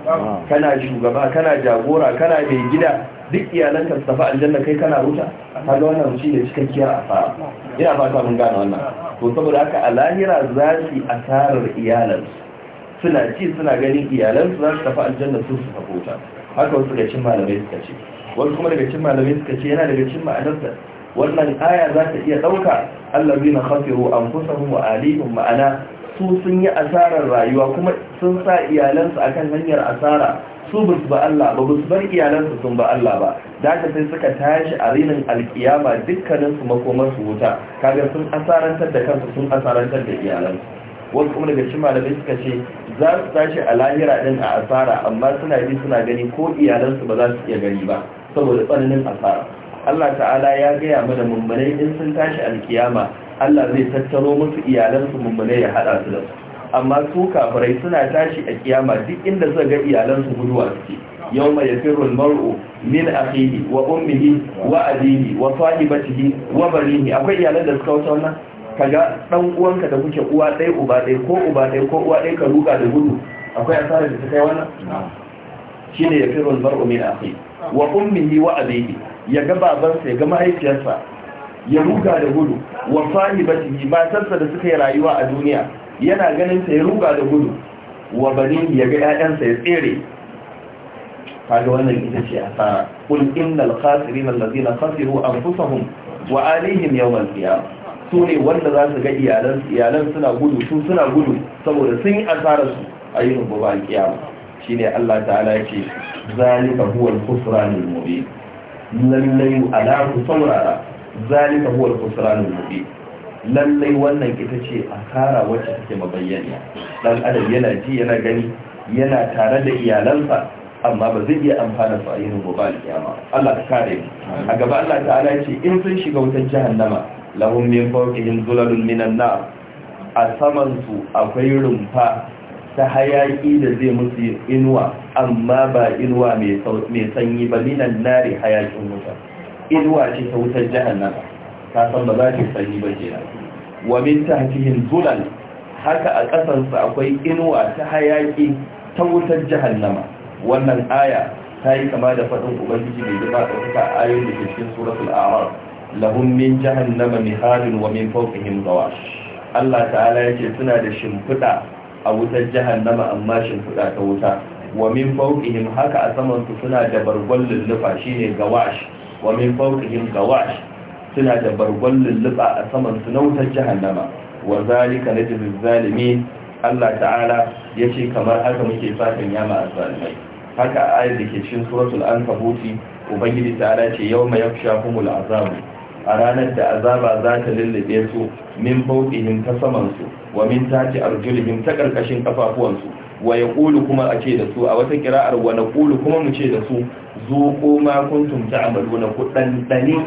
kana shugaba kana jagora kana mai gida duk iyalanka su tafi aljanna kai kana wuta kaga wannan shi ne cikakkiyar asara ina fata mun gane wannan to saboda haka a lahira za su asarar iyalansu suna ci suna ganin iyalansu za su tafi aljanna sun su tafi wuta haka wasu daga cin malamai suka ce wasu kuma daga cin malamai suka ce yana daga cin ma'anarsa wannan aya za ta iya ɗauka allazi na khasiru kusa wa alihim ma'ana su sun yi asarar rayuwa kuma sun sa iyalansu akan hanyar asara su ba su ba Allah ba su bar iyalansu sun ba Allah ba da ta sai suka tashi a rinin alkiyama dukkanin su makomar su wuta kaga sun asarantar da kansu sun asarantar da iyalansu wasu kuma daga cikin malamai suka ce za su tashi a lahira din a asara amma suna bi suna gani ko iyalansu ba za su iya gani ba saboda tsananin asara Allah ta'ala ya gaya mana mummunai in sun tashi alkiyama Allah zai tattaro musu iyalansu mummunai ya haɗa su da su amma su kafirai suna tashi a kiyama duk inda suka ga iyalansu guduwa suke yau mai yafirul mar'u min akhihi wa ummihi wa abihi wa sahibatihi wa barihi akwai iyalan da suka wuce wannan kaga dan uwanka da kuke uwa dai uba dai ko uba dai ko uwa dai ka ruka da gudu akwai asarar da ta kai wannan shine yafirul mar'u min akhihi wa ummihi wa abihi ya ga babansa ya ga mahaifiyarsa ya ruga da gudu wa sahibatihi matarsa da suka yi rayuwa a duniya yana ganin ta ya ruga da gudu wa bani ya ga ƴaƴansa ya tsere kaga wannan ita ce asara kul innal khasirin allazina khasiru anfusahum wa alihim yawmal qiyamah su ne wanda za su ga iyalan iyalan suna gudu su suna gudu saboda sun yi asarar su a yi rubu ba kiyama shine Allah ta'ala yake ce zalika huwa kusura, khusran al-mubin ala ku saurara zalika huwa al mubin lallai wannan ita ce a asara wacce take mabayyana dan adam yana ji yana gani yana tare da iyalansa amma ba zai iya amfana su a yin gobe alkiyama Allah ka kare a gaba Allah ta'ala ya ce in sun shiga wutar jahannama lahum min fawqihim zulalun minan nar a saman su akwai rumfa ta hayaki da zai musu inuwa amma ba inuwa mai sanyi ba minan nari hayakin wuta inuwa ce ta wutar jahannama ka san ba za ki sanyi ba kenan wa min tahtihim zulal haka a ƙasarsa akwai inuwa ta hayaki ta wutar jahannama wannan aya ta yi kama da faɗin ubangiji mai a a ayoyin da ke cikin suratul a'raf lahum min jahannama mihalun wa min fawqihim ghawash Allah ta'ala yace suna da shimfiɗa a wutar jahannama amma shimfiɗa ta wuta wa min fawqihim haka a saman su suna da bargon lullufa shine gawash wa min fawqihim gawash suna da bargon lulluɓa a saman su na wutar jahannama wa zalika najzil zalimi Allah ta'ala ya ce kamar haka muke fatan yama zalimai haka a ayar da ke cikin suratul kabuti ubangiji ta'ala ce yawma yakhshahumul la'azamu a ranar da azaba za ta lullube su min bautihin ta saman su wa min tati arjulihin ta karkashin kafafuwansu wa ya kuma a ce da su a wata kira'ar wa kulu kuma mu ce da su zuqu ma kuntum ta'maluna ku na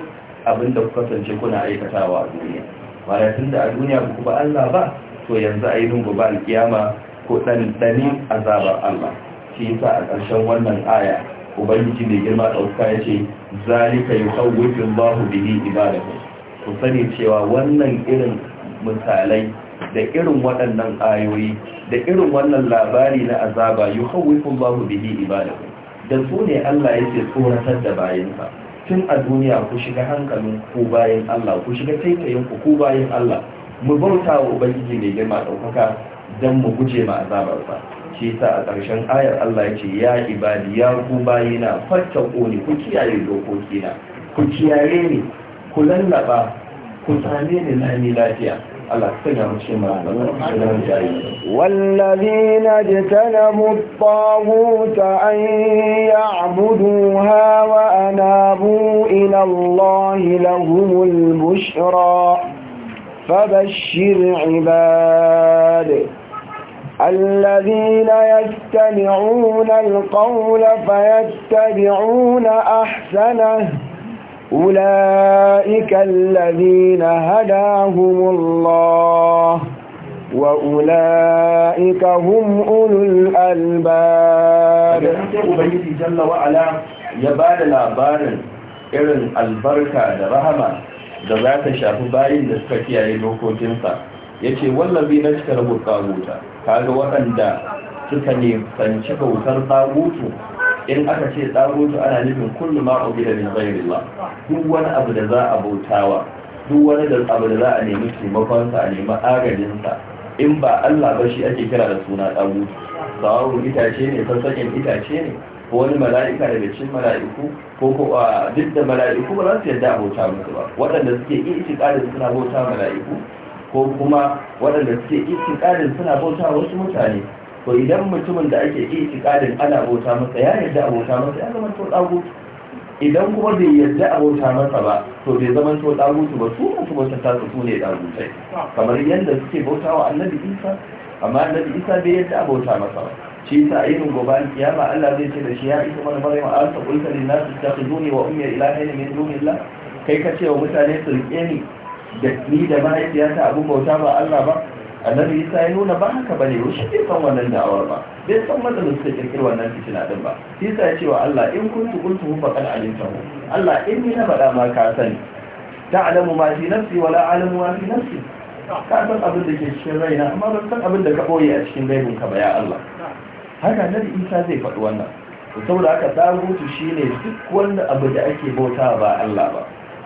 abin da ku kasance kuna aikatawa a duniya mana tun da a duniya ku ba Allah ba to yanzu a yi nungu alkiyama ko ɗanɗani azabar Allah shi yasa a ƙarshen wannan aya ubangiji mai girma ɗauka yace ce zalika yi hawwifin bahu bihi ibadahu ku sani cewa wannan irin misalai da irin waɗannan ayoyi da irin wannan labari na azaba yi hawwifin bahu bihi ibadahu da su ne Allah yake tsoratar da bayansa tun a duniya ku shiga hankalin ku bayan Allah ku shiga taitayin ku ku bayan Allah mu bauta wa ubangiji mai girma ɗaukaka dan mu guje ma azabarsa shi yasa a ƙarshen ayar Allah ya ce ya ibadi ya ku bayina fatta ni ku kiyaye dokokina ku kiyaye ni ku lallaba ku same ni ni lafiya والذين اجتنبوا الطاغوت أن يعبدوها وأنابوا إلى الله لهم البشرى فبشر عباد الذين يستمعون القول فيتبعون أحسنه أولئك الذين هداهم الله وأولئك هم أولو الألباب أبنيتي جل وعلا يبال الأبار إرن البركة رحمة ذات شافباين لسكتيا يلوكو جنسا yace wallabi na cika rabu kaguta kaga waɗanda suka ne sanci kautar kagutu in aka ce tsagoto ana nufin kullum ma obi da min ghairi Allah duk wani abu da za a bautawa duk wani da abu da za a nemi taimakon a nemi agajinsa in ba Allah ba shi ake kira da suna tsagoto tsawon itace ne sassaƙin itace ne ko wani mala'ika daga cin mala'iku ko ko duk da mala'iku ba za su yarda a bauta musu ba waɗanda suke itiƙadin suna bauta mala'iku ko kuma waɗanda suke suna bauta wasu mutane to idan mutumin da ake itikadin ana bauta masa ya yarda abota masa ya zama to dago idan kuma bai yarda abota masa ba to bai zama to dago ba su masu bauta ta su ne dago sai kamar yadda suke bautawa annabi Isa amma annabi Isa bai yarda abota masa ba shi yasa a irin gobe kiyama Allah zai ce da shi ya isa mana maryam an ta su zuni wa takhuzuni wa ummi mai zuni la? kai ka ce wa mutane su rike ni da ni da mahaifiyata abin bauta ba Allah ba annabi isa ya nuna ba haka bane ba shi bai san wannan da'awar ba bai san matsalin suka kirkiri wannan fitina din ba isa ya ce wa Allah in kuntu qultu faqad alimtahu Allah in ni na faɗa ma ka sani ta'lamu ma fi nafsi wa la a'lamu ma fi nafsi ka san abin da ke cikin raina amma ban san abin da ka boye a cikin gaibin ka ba ya Allah haka annabi isa zai faɗi wannan saboda haka dagutu shine duk wanda abu da ake bauta ba Allah ba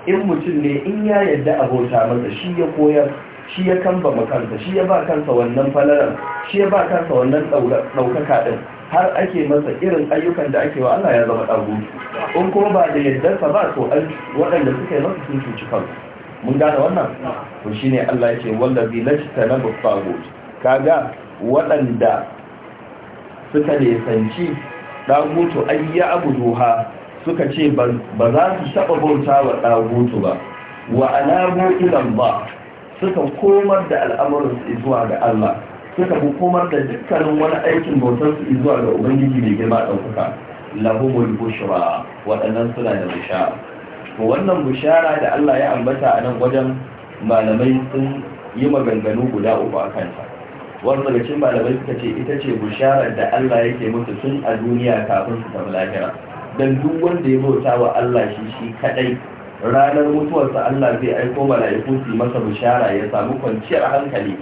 in mutum ne in ya yarda abota masa shi ya koyar shi ya kamba makarta shi ya ba kansa wannan falalar shi ya ba kansa wannan ɗaukaka ɗin har ake masa irin ayyukan da ake wa Allah ya zama ɗago in kuma ba da yaddarsa ba to an waɗanda suka yi masa sun cuci kansu mun gane wannan to shine Allah ya ce wallazi lashta na bufago kaga waɗanda suka nisanci ɗagutu ayya abu duha suka ce ba za su taɓa bauta wa to ba wa alamu ilan ba Suka komar da al'amuran su zuwa ga Allah suka komar da dukkanin wani aikin bautar su zuwa ga ubangiji mai girma ɗaukaka lahumul bushra waɗannan suna da bishara to wannan bishara da Allah ya ambata a nan wajen malamai sun yi maganganu guda uku a kanta wani daga cikin malamai suka ce ita ce bisharar da Allah yake musu tun a duniya kafin su tafi lahira dan duk wanda ya bauta wa Allah shi shi kadai ranar mutuwarsa Allah zai aiko mala'iku su masa bishara ya samu kwanciyar hankali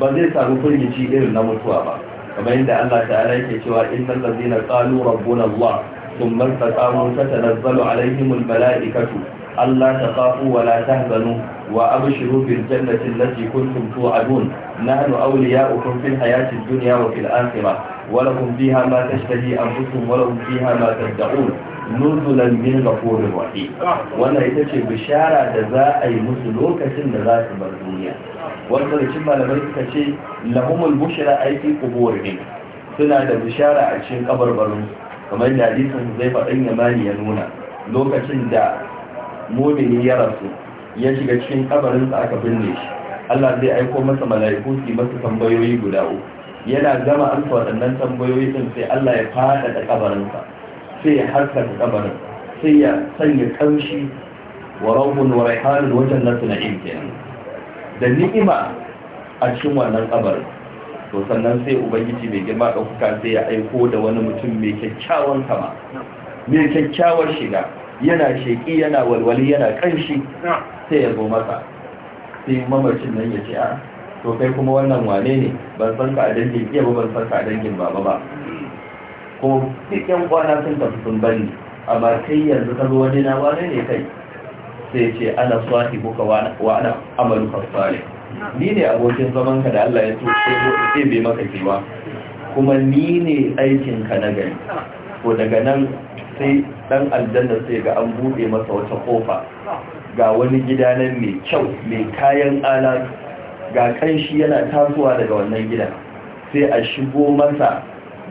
ba zai samu firgici irin na mutuwa ba kamar yadda Allah ta'ala yake cewa innal ladina qalu rabbuna Allah thumma istaqamu tatanazzalu alaihim almala'ikatu ta takhafu wa la tahzanu wa abshiru bil jannati allati kuntum tu'adun nahnu awliya'ukum fil hayati ad-dunya wa fil akhirah wa lakum fiha ma tashtahi anfusukum wa lahum fiha ma tad'un nuzulan min ghafurir rahim wannan ita ce bishara da za a yi musu lokacin da za su bar duniya wanda da cin malamai suka ce lahumul bushra aiki quburihim suna da bishara a cikin kabarbarin kamar da hadisin zai faɗin yamani ya nuna lokacin da mumini ya rasu ya shiga cikin kabarin sa aka binne shi Allah zai aiko masa mala'iku su masa tambayoyi guda uku yana gama amsa waɗannan tambayoyi din sai Allah ya fada da kabarin sa sai ya harka da kabarin sai ya sanya kamshi wa rahun wa raihanin wajen nasu na kenan da ni'ima a cikin wannan kabarin to sannan sai ubangiji mai girma ɗaukuka sai ya aiko da wani mutum mai kyakkyawan kama mai kyakkyawar shiga yana sheƙi yana walwali yana kanshi sai ya zo masa sai mamacin nan ya ce a ah, to kai kuma wannan wane ne ban san ka a dangin iya ba ban san ka a dangin baba ba ko duk yan kwana sun tafi sun bari amma kai yanzu ka zo wani na ne kai sai ce ana swati buka wa ana amalu ni ne abokin zaman ka da Allah ya so bai maka kewa kuma ni ne aikin ka na gari ko daga nan sai dan aljanna sai ga an bude masa wata kofa ga wani gida nan mai kyau mai kayan ala ga kanshi yana tasowa daga wannan gidan. sai a shigo masa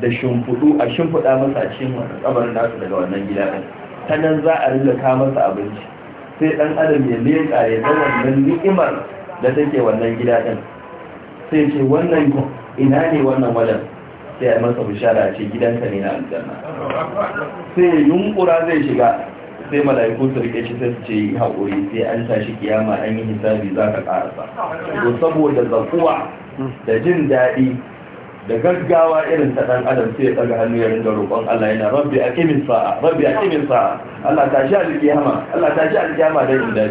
da shimfudu a shimfuda masa a cikin kabarin nasu daga wannan gida ɗin ta nan za a rinda ka masa abinci sai dan adam ya leƙa ya ga wannan ni'imar da take wannan gida ɗin sai ce wannan ina ne wannan wajen sai a masa bishara ce gidanka ne na aljanna sai yunkura zai shiga sai mala'iku su rike shi sai su ce haƙuri sai an tashi kiyama an yi hisabi za ka ƙarasa to saboda zakuwa da jin daɗi da gaggawa irin ta dan adam sai ya tsaga hannu ya ringa roƙon Allah yana rabbi aqimin sa'a rabbi aqimin sa'a Allah ta shi alƙiyama Allah ta shi alƙiyama da inda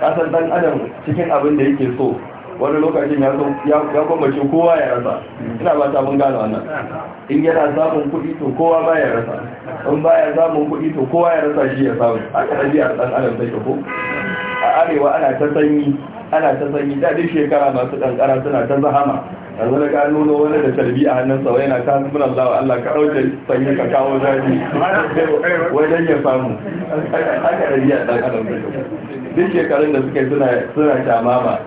ka san dan adam cikin abin da yake so wani lokacin ya kwambace kowa ya rasa ina ba ta mun gano wannan in yana samun kuɗi to kowa ba ya rasa in ba ya samun kuɗi to kowa ya rasa shi ya samu aka rabi a ɗan adam sai ko a arewa ana ta sanyi ana ta sanyi da duk shekara masu kankara suna ta zahama yanzu da ka nuno wani da tarbi a hannunsa wai yana kan mun Allah Allah ka ɗauke sanyi ka kawo zafi wajen ya samu aka rabi a ɗan adam sai ko duk shekarun da suke suna suna shamama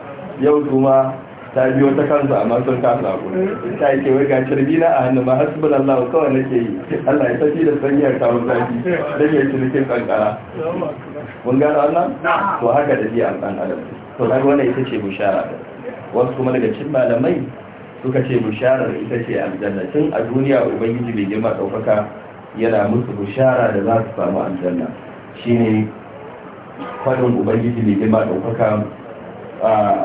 yau kuma ta biyo ta kansa amma sun kasa ku ta yi wai ga shirbi na a hannu ma hasbun Allah kawai nake yi Allah ya tafi da sanyar kawo zafi da ke shirkin kankara mun gana wannan to haka da biya an adam to na wannan ita ce bushara wasu kuma daga cin malamai suka ce da ita ce aljanna tun a duniya ubangiji mai girma ɗaukaka yana musu bushara da za su samu aljanna shine kwadon ubangiji mai girma ɗaukaka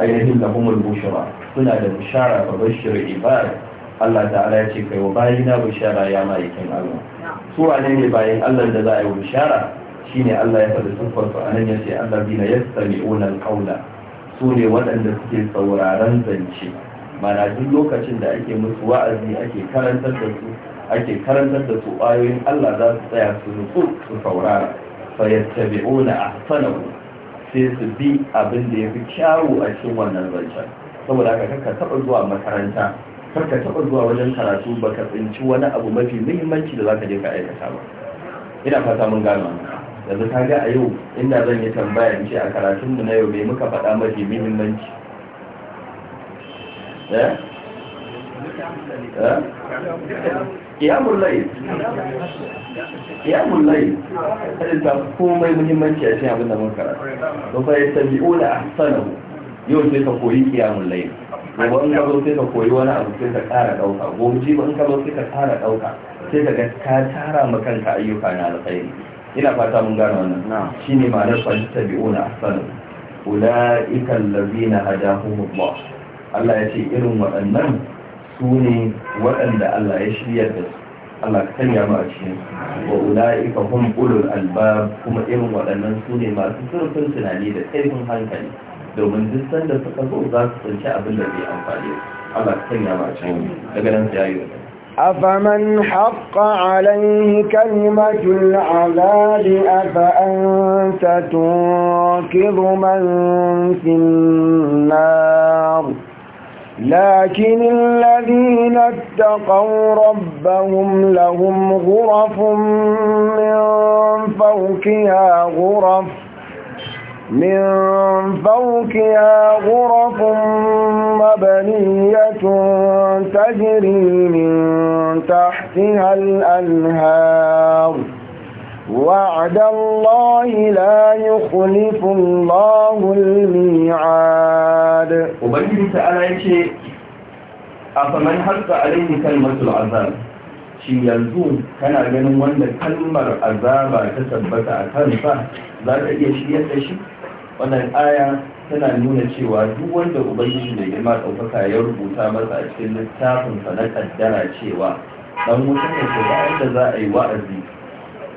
ainihin lahumul bushra suna da mushara ga bashir ibad Allah ta'ala ya ce kai wa bayina bishara ya ma'aikin Allah su wane ne bayin Allah da za a yi bishara shine Allah ya faɗi siffar su anan ya ce Allah yastami'una alqawla su ne waɗanda suke sauraron zance mana duk lokacin da ake musu wa'azi ake karantar da su ake karantar da su ƙwayoyin Allah za su tsaya su nutsu su saurara fa yattabi'una ahsanahu sai su bi abin da ya fi kyawu a cikin wannan zancen saboda haka ka taba zuwa makaranta karka taba zuwa wajen karatu ba ka tsinci wani abu mafi muhimmanci da za ka je ka aikata ba ina fata mun gano yanzu ka ga a yau inda zan yi tambaya in ce a karatun mu na yau me muka faɗa mafi muhimmanci eh? eh? kiyamun lai kiyamun lai hadin ta komai muhimmanci a cikin abin da mun karatu to fa yastabi'una ahsanahu yau sai ka koyi kiyamun lai gobe in ka zo sai ka koyi wani abu sai ka ƙara ɗauka gobe jibi in ka zo sai ka ƙara ɗauka sai ka ga ka tara ma kanka ayyuka na alkhairi ina fata mun gano wannan shine ma'anar fa yastabi'una ahsanahu ulaika allazina hadahumullah Allah ya ce irin waɗannan su ne waɗanda Allah ya shirya da su Allah ka sanya mu a cikin wa ulaika hum ulul albab kuma irin waɗannan su ne masu zurfin tunani da kaifin hankali domin duk sanda suka zo za su tsinci abin da zai amfani Allah ka sanya mu a cikin daga nan sai ayi أفمن حق عليه كلمة العذاب أفأنت تنكر من في النار لكن الذين اتقوا ربهم لهم غرف من فوقها غرف من فوقها غرف مبنية تجري من تحتها الأنهار وعد الله لا يخلف الله الميعاد وبنجي تعالى يشي أفمن حق عليه كلمة العذاب shi yanzu kana ganin wanda kalmar azaba ta tabbata a kansa za ka iya shiryar da shi wannan aya tana nuna cewa duk wanda ubangiji da girma ɗaukaka ya rubuta masa a cikin littafinsa na kaddara cewa dan wuta ne ba da za a yi wa'azi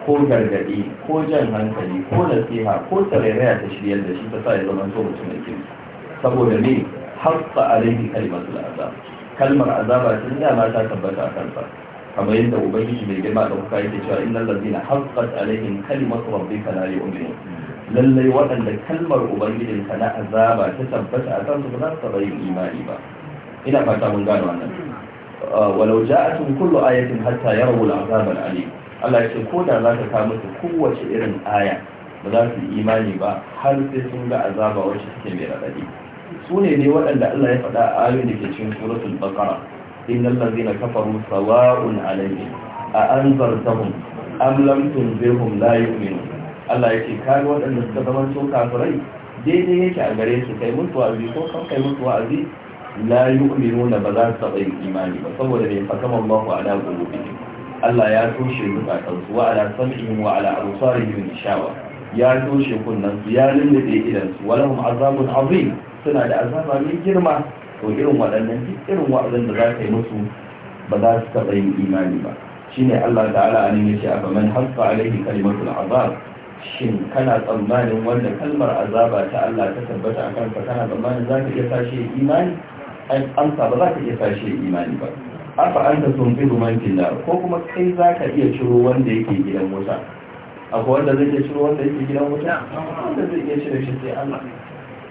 ko gargaɗi ko jan hankali ko nasiha ko tsarairaya ta shiryar da shi ta sa ya zama so mutum da kirki saboda ne hafsa alaihi kalmatul azab kalmar azaba tun da ma ta tabbata a kansa kamar yadda ubangiji mai girma da kuka yake cewa innal ladina haqqat alaihim kalimatu rabbika la yu'minun lallai waɗanda kalmar ubangijin ka na azaba ta tabbata a kansu ba za su taɓa yin imani ba ina fata mun gane wannan walau ja'atun kullu ayatin hatta yarawul azab al-alim Allah ya ce ko da za ka kawo musu kowace irin aya ba za su yi imani ba har sai sun ga azaba wacce suke mai radadi su ne ne waɗanda Allah ya faɗa a ayoyin da ke cikin suratul baqara innal ladzina kafaru sawa'un alaihim a anzartahum am lam tunzirhum la yu'minun Allah yake kaga waɗanda suka zama to kafirai daidai yake a gare su kai musu wa'azi ko kan kai musu wa'azi la yu'minuna ba za su taɓa yin imani ba saboda bai fakama Allahu ala qulubihim Allah ya toshe zukatansu wa ala sam'ihim wa ala absarihim shawa ya toshe kunnansu ya lullube idansu wa lahum azabun azim suna da azaba mai girma to irin waɗannan irin wa'azin da za ka yi musu ba za su taɓa yin imani ba shine Allah ta'ala an yace a man hafa alaihi kalimatul azab shin kana tsammanin wanda kalmar azaba ta Allah ta tabbata akan ka kana tsammanin za ka iya sashe imani an amsa ba za ka iya sashe imani ba afa anta tunfiru man fil nar ko kuma kai za ka iya ciro wanda yake gidan wuta akwai wanda zai iya ciro wanda yake gidan wuta wanda zai iya ciro shi sai Allah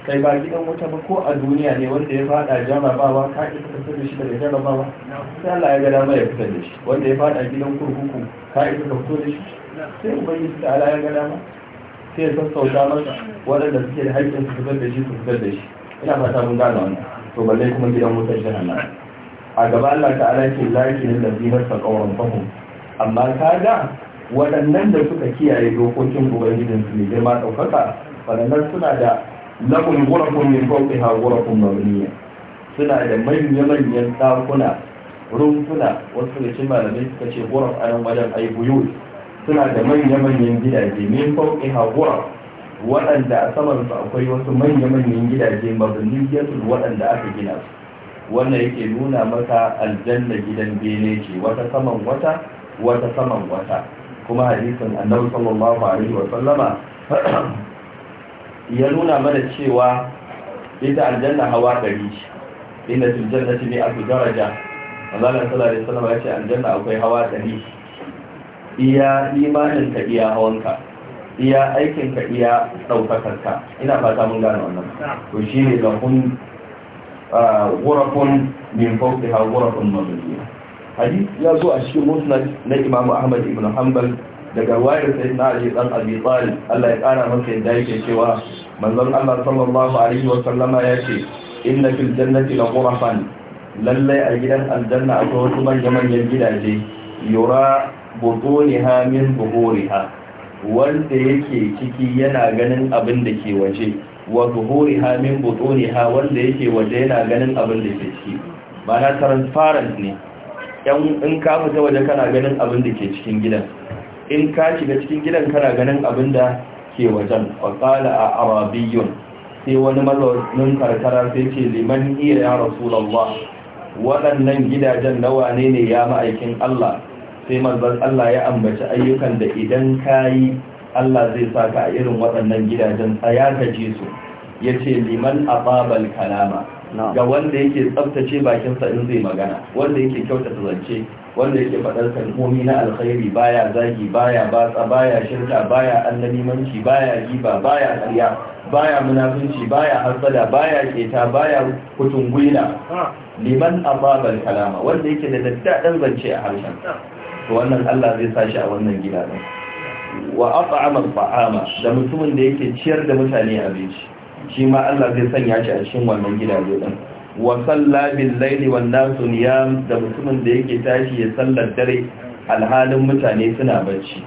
kai ba gidan wuta ba ko a duniya ne wanda ya fada ba ka isa ka fitar da shi daga jarrabawa sai Allah ya ga dama ya fitar da shi wanda ya fada gidan kurkuku ka isa ka fito da shi sai ubangiji ta Allah ya ga dama sai ya sassauta masa waɗanda suke da haƙƙin su fitar da shi su fitar da shi ina fata mun gane wannan to balle kuma gidan wutar jahannama a gaba Allah ta'ala ke lakin da zina ta kauran fahim amma ga waɗannan da suka kiyaye dokokin ubangijin su ne girma ɗaukaka waɗannan suna da lahum mai min ha ghurafun mabniyya suna da manya-manyan ɗakuna rumfuna wasu da cin malamai suka ce guraf a nan wajen ai suna da manya-manyan gidaje min ha guraf waɗanda a su akwai wasu manya-manyan gidaje mabniyyatul waɗanda aka gina su wannan yake nuna maka aljanna gidan bene ce wata saman wata wata saman wata kuma hadisin annabi sallallahu alaihi wa sallama ya nuna mana cewa ita aljanna hawa ɗari ce inda fil jannati bi abu daraja Allah sallallahu alaihi wasallam ya ce aljanna akwai hawa ɗari iya imanin ka iya hawanka iya aikin ka iya daukakar ka ina fata mun gane wannan to shine ga kun gurafun min fawqiha gurafun mabniya hadith ya zo a cikin musnad na Imam Ahmad ibn Hanbal daga wayar sai na Ali dan Abi Talib Allah ya kara masa yadda yake cewa manzon Allah sallallahu alaihi wa sallama ya ce inna fil jannati la ghurafan lallai a gidan aljanna akwai wasu manyan manyan gidaje yura butuniha min buhuriha wanda yake ciki yana ganin abin da ke waje wa zuhuriha min butuniha wanda yake waje yana ganin abin da ke ciki mana transparent ne in ka fita waje kana ganin abin da ke cikin gidan in ka shiga cikin gidan kana ganin abin da ke wajen faƙala a arabiyyun sai wani mazaunin karkara sai ce liman iya ya rasulallah waɗannan gidajen nawa ne ya ma'aikin allah sai manzan allah ya ambaci ayyukan da idan kayi. Allah zai sa ka a irin waɗannan gidajen tsaya ka su ya ce liman ababal kalama ga wanda yake tsabtace bakinsa in zai magana wanda yake kyautata zance wanda yake faɗar kalmomi na alkhairi baya zagi baya batsa baya shirka baya annalimanci baya giba baya ƙarya baya munafunci baya hasada baya keta baya kutungwila liman ababal kalama wanda yake da daddaɗan zance a harshen to wannan Allah zai sa shi a wannan gidajen wa at'ama ta'ama da mutumin da yake ciyar da mutane abinci shi ma Allah zai sanya shi a cikin wannan gidaje din wa salla bil laili wan nasu niyam da mutumin da yake tashi ya sallar dare alhalin mutane suna bacci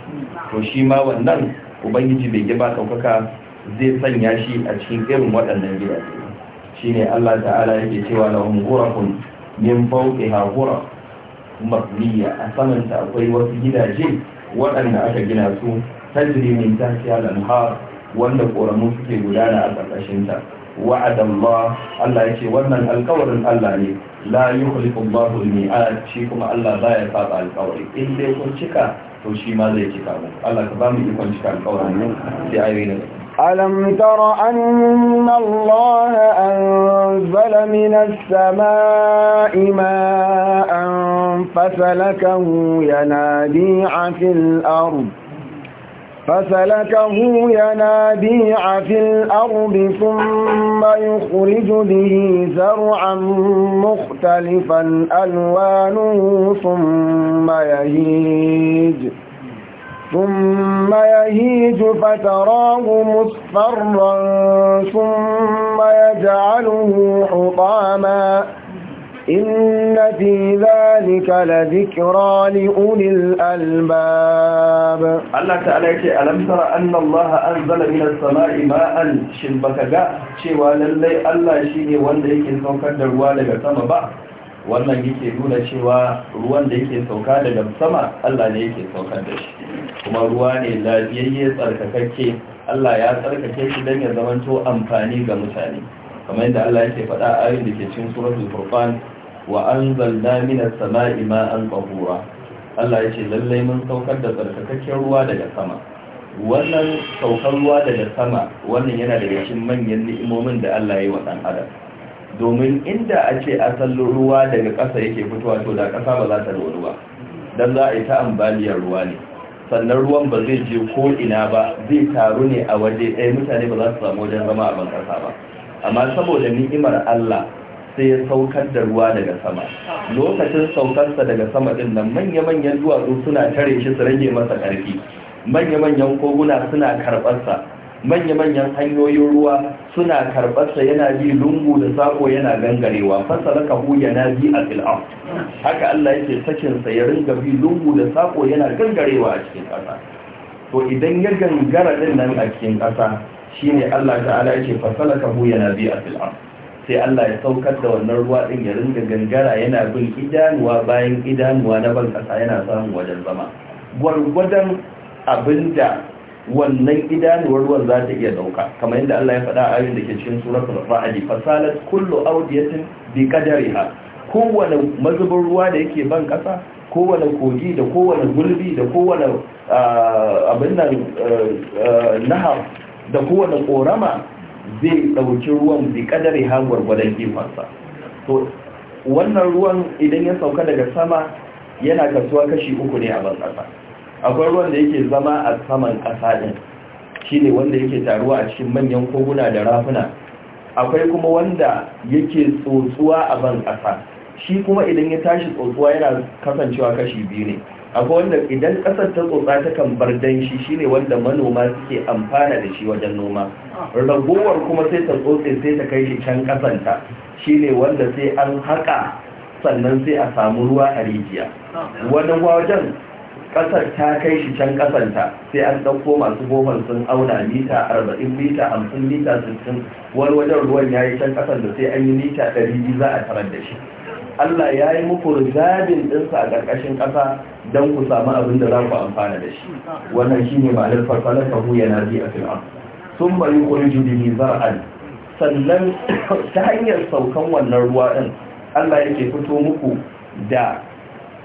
to shi ma wannan ubangiji bai giba saukaka zai sanya shi a cikin irin waɗannan gidaje shine Allah ta'ala yake cewa lahum ghurafun min fawqiha ghuraf mabniya a samanta akwai wasu gidaje waɗanda aka gina su tajri min tahtiha al-anhar wanda ƙoramu suke gudana a ƙarƙashinta. ta ba, Allah ya yace wannan alƙawarin Allah ne la yukhliqu ne. al-mi'ad ci kuma Allah baya saba alkawari in dai kun cika to shi ma zai cika mu Allah ka ba mu ikon cika alƙawarin sai ayoyi na ألم تر من السماء ماء فسلكه ينابيع في الأرض فسلكه ينابيع في الأرض ثم يخرج به زرعا مختلفا ألوانه ثم يهيج ثم يهيج فتراه مصفرا ثم يجعله حطاما إن في ذلك لذكرى لأولي الألباب الله تعالى يقول ألم ترى أن الله أنزل من السماء ماء شبكك شوالا لي الله شيء وان ليك سوكا دروا لك سمبا wannan yake nuna cewa ruwan da yake sauka daga sama Allah ne yake saukar da shi kuma ruwa ne lafiyayye tsarkakakke Allah ya tsarkake shi don ya zamanto amfani ga mutane kamar yadda Allah yake faɗa a ayoyin da ke cikin suratul furqan wa anzalna minas sama'i ma'an tahura Allah yake lallai mun saukar da tsarkakakken ruwa daga sama wannan saukar ruwa daga sama wannan yana daga cikin manyan ni'imomin da Allah ya yi wa ɗan adam domin inda a ce asalin ruwa daga ƙasa yake fitowa to da ƙasa ba za ta da ba don za a yi ta ambaliyar ruwa ne sannan ruwan ba zai je ko ina ba zai taru ne a waje ɗaya mutane ba za su samu wajen zama a ban ƙasa ba amma saboda ni'imar Allah sai ya saukar da ruwa daga sama lokacin saukarsa daga sama din nan manya-manyan duwatsu suna tare shi su rage masa ƙarfi manya-manyan koguna suna karɓarsa manya-manyan hanyoyin ruwa suna karbarsa yana bi lungu da sako yana gangarewa ka hu yana bi a fil'am haka Allah yake sakinsa ya ringa bi lungu da sako yana gangarewa a cikin ƙasa to idan ya gangara din nan a cikin ƙasa shine Allah ta'ala yake ka hu yana bi a fil'am sai Allah ya saukar da wannan ruwa din ya ringa gangara yana bin idanuwa bayan idanuwa na ban ƙasa yana samun wajen zama gwargwadon abinda wannan idanuwar ruwan za ta iya dauka kamar yadda Allah ya faɗa a ayoyin da ke cikin suratul ra'd fasalat kullu awdiyatin bi qadariha kowane mazubin ruwa da yake ban kasa kowane kogi da kowane gulbi da kowane abin nan nahar da kowane korama zai dauki ruwan bi kadari ha kifansa to wannan ruwan idan ya sauka daga sama yana kasuwa kashi uku ne a ban kasa akwai ruwan da yake zama a saman ƙasa ɗin ne wanda yake taruwa a cikin manyan koguna da rafuna akwai kuma wanda yake tsotsuwa a ban ƙasa shi kuma idan ya tashi tsotsuwa yana kasancewa kashi biyu ne akwai wanda idan ƙasar ta tsotsa ta kan bar danshi shi ne wanda manoma suke amfana da shi wajen noma ragowar kuma sai ta tsotse sai ta kai shi can ƙasanta ne wanda sai an haƙa sannan sai a samu ruwa a rijiya wani wajen ƙasar ta kai shi can ƙasanta sai an ɗauko masu goman sun auna mita arba'in mita hamsin mita sittin wani wajen ruwan ya yi can ƙasar da sai an yi mita ɗari za a tarar da shi allah ya yi muku rizabin ɗinsa a ƙarƙashin ƙasa don ku samu abin da za ku amfana da shi wannan shi ne ma'anar farfalar fahu na bi a fil'am sun bari kuri jubihi zar'an sannan ta hanyar saukan wannan ruwa ɗin allah yake fito muku da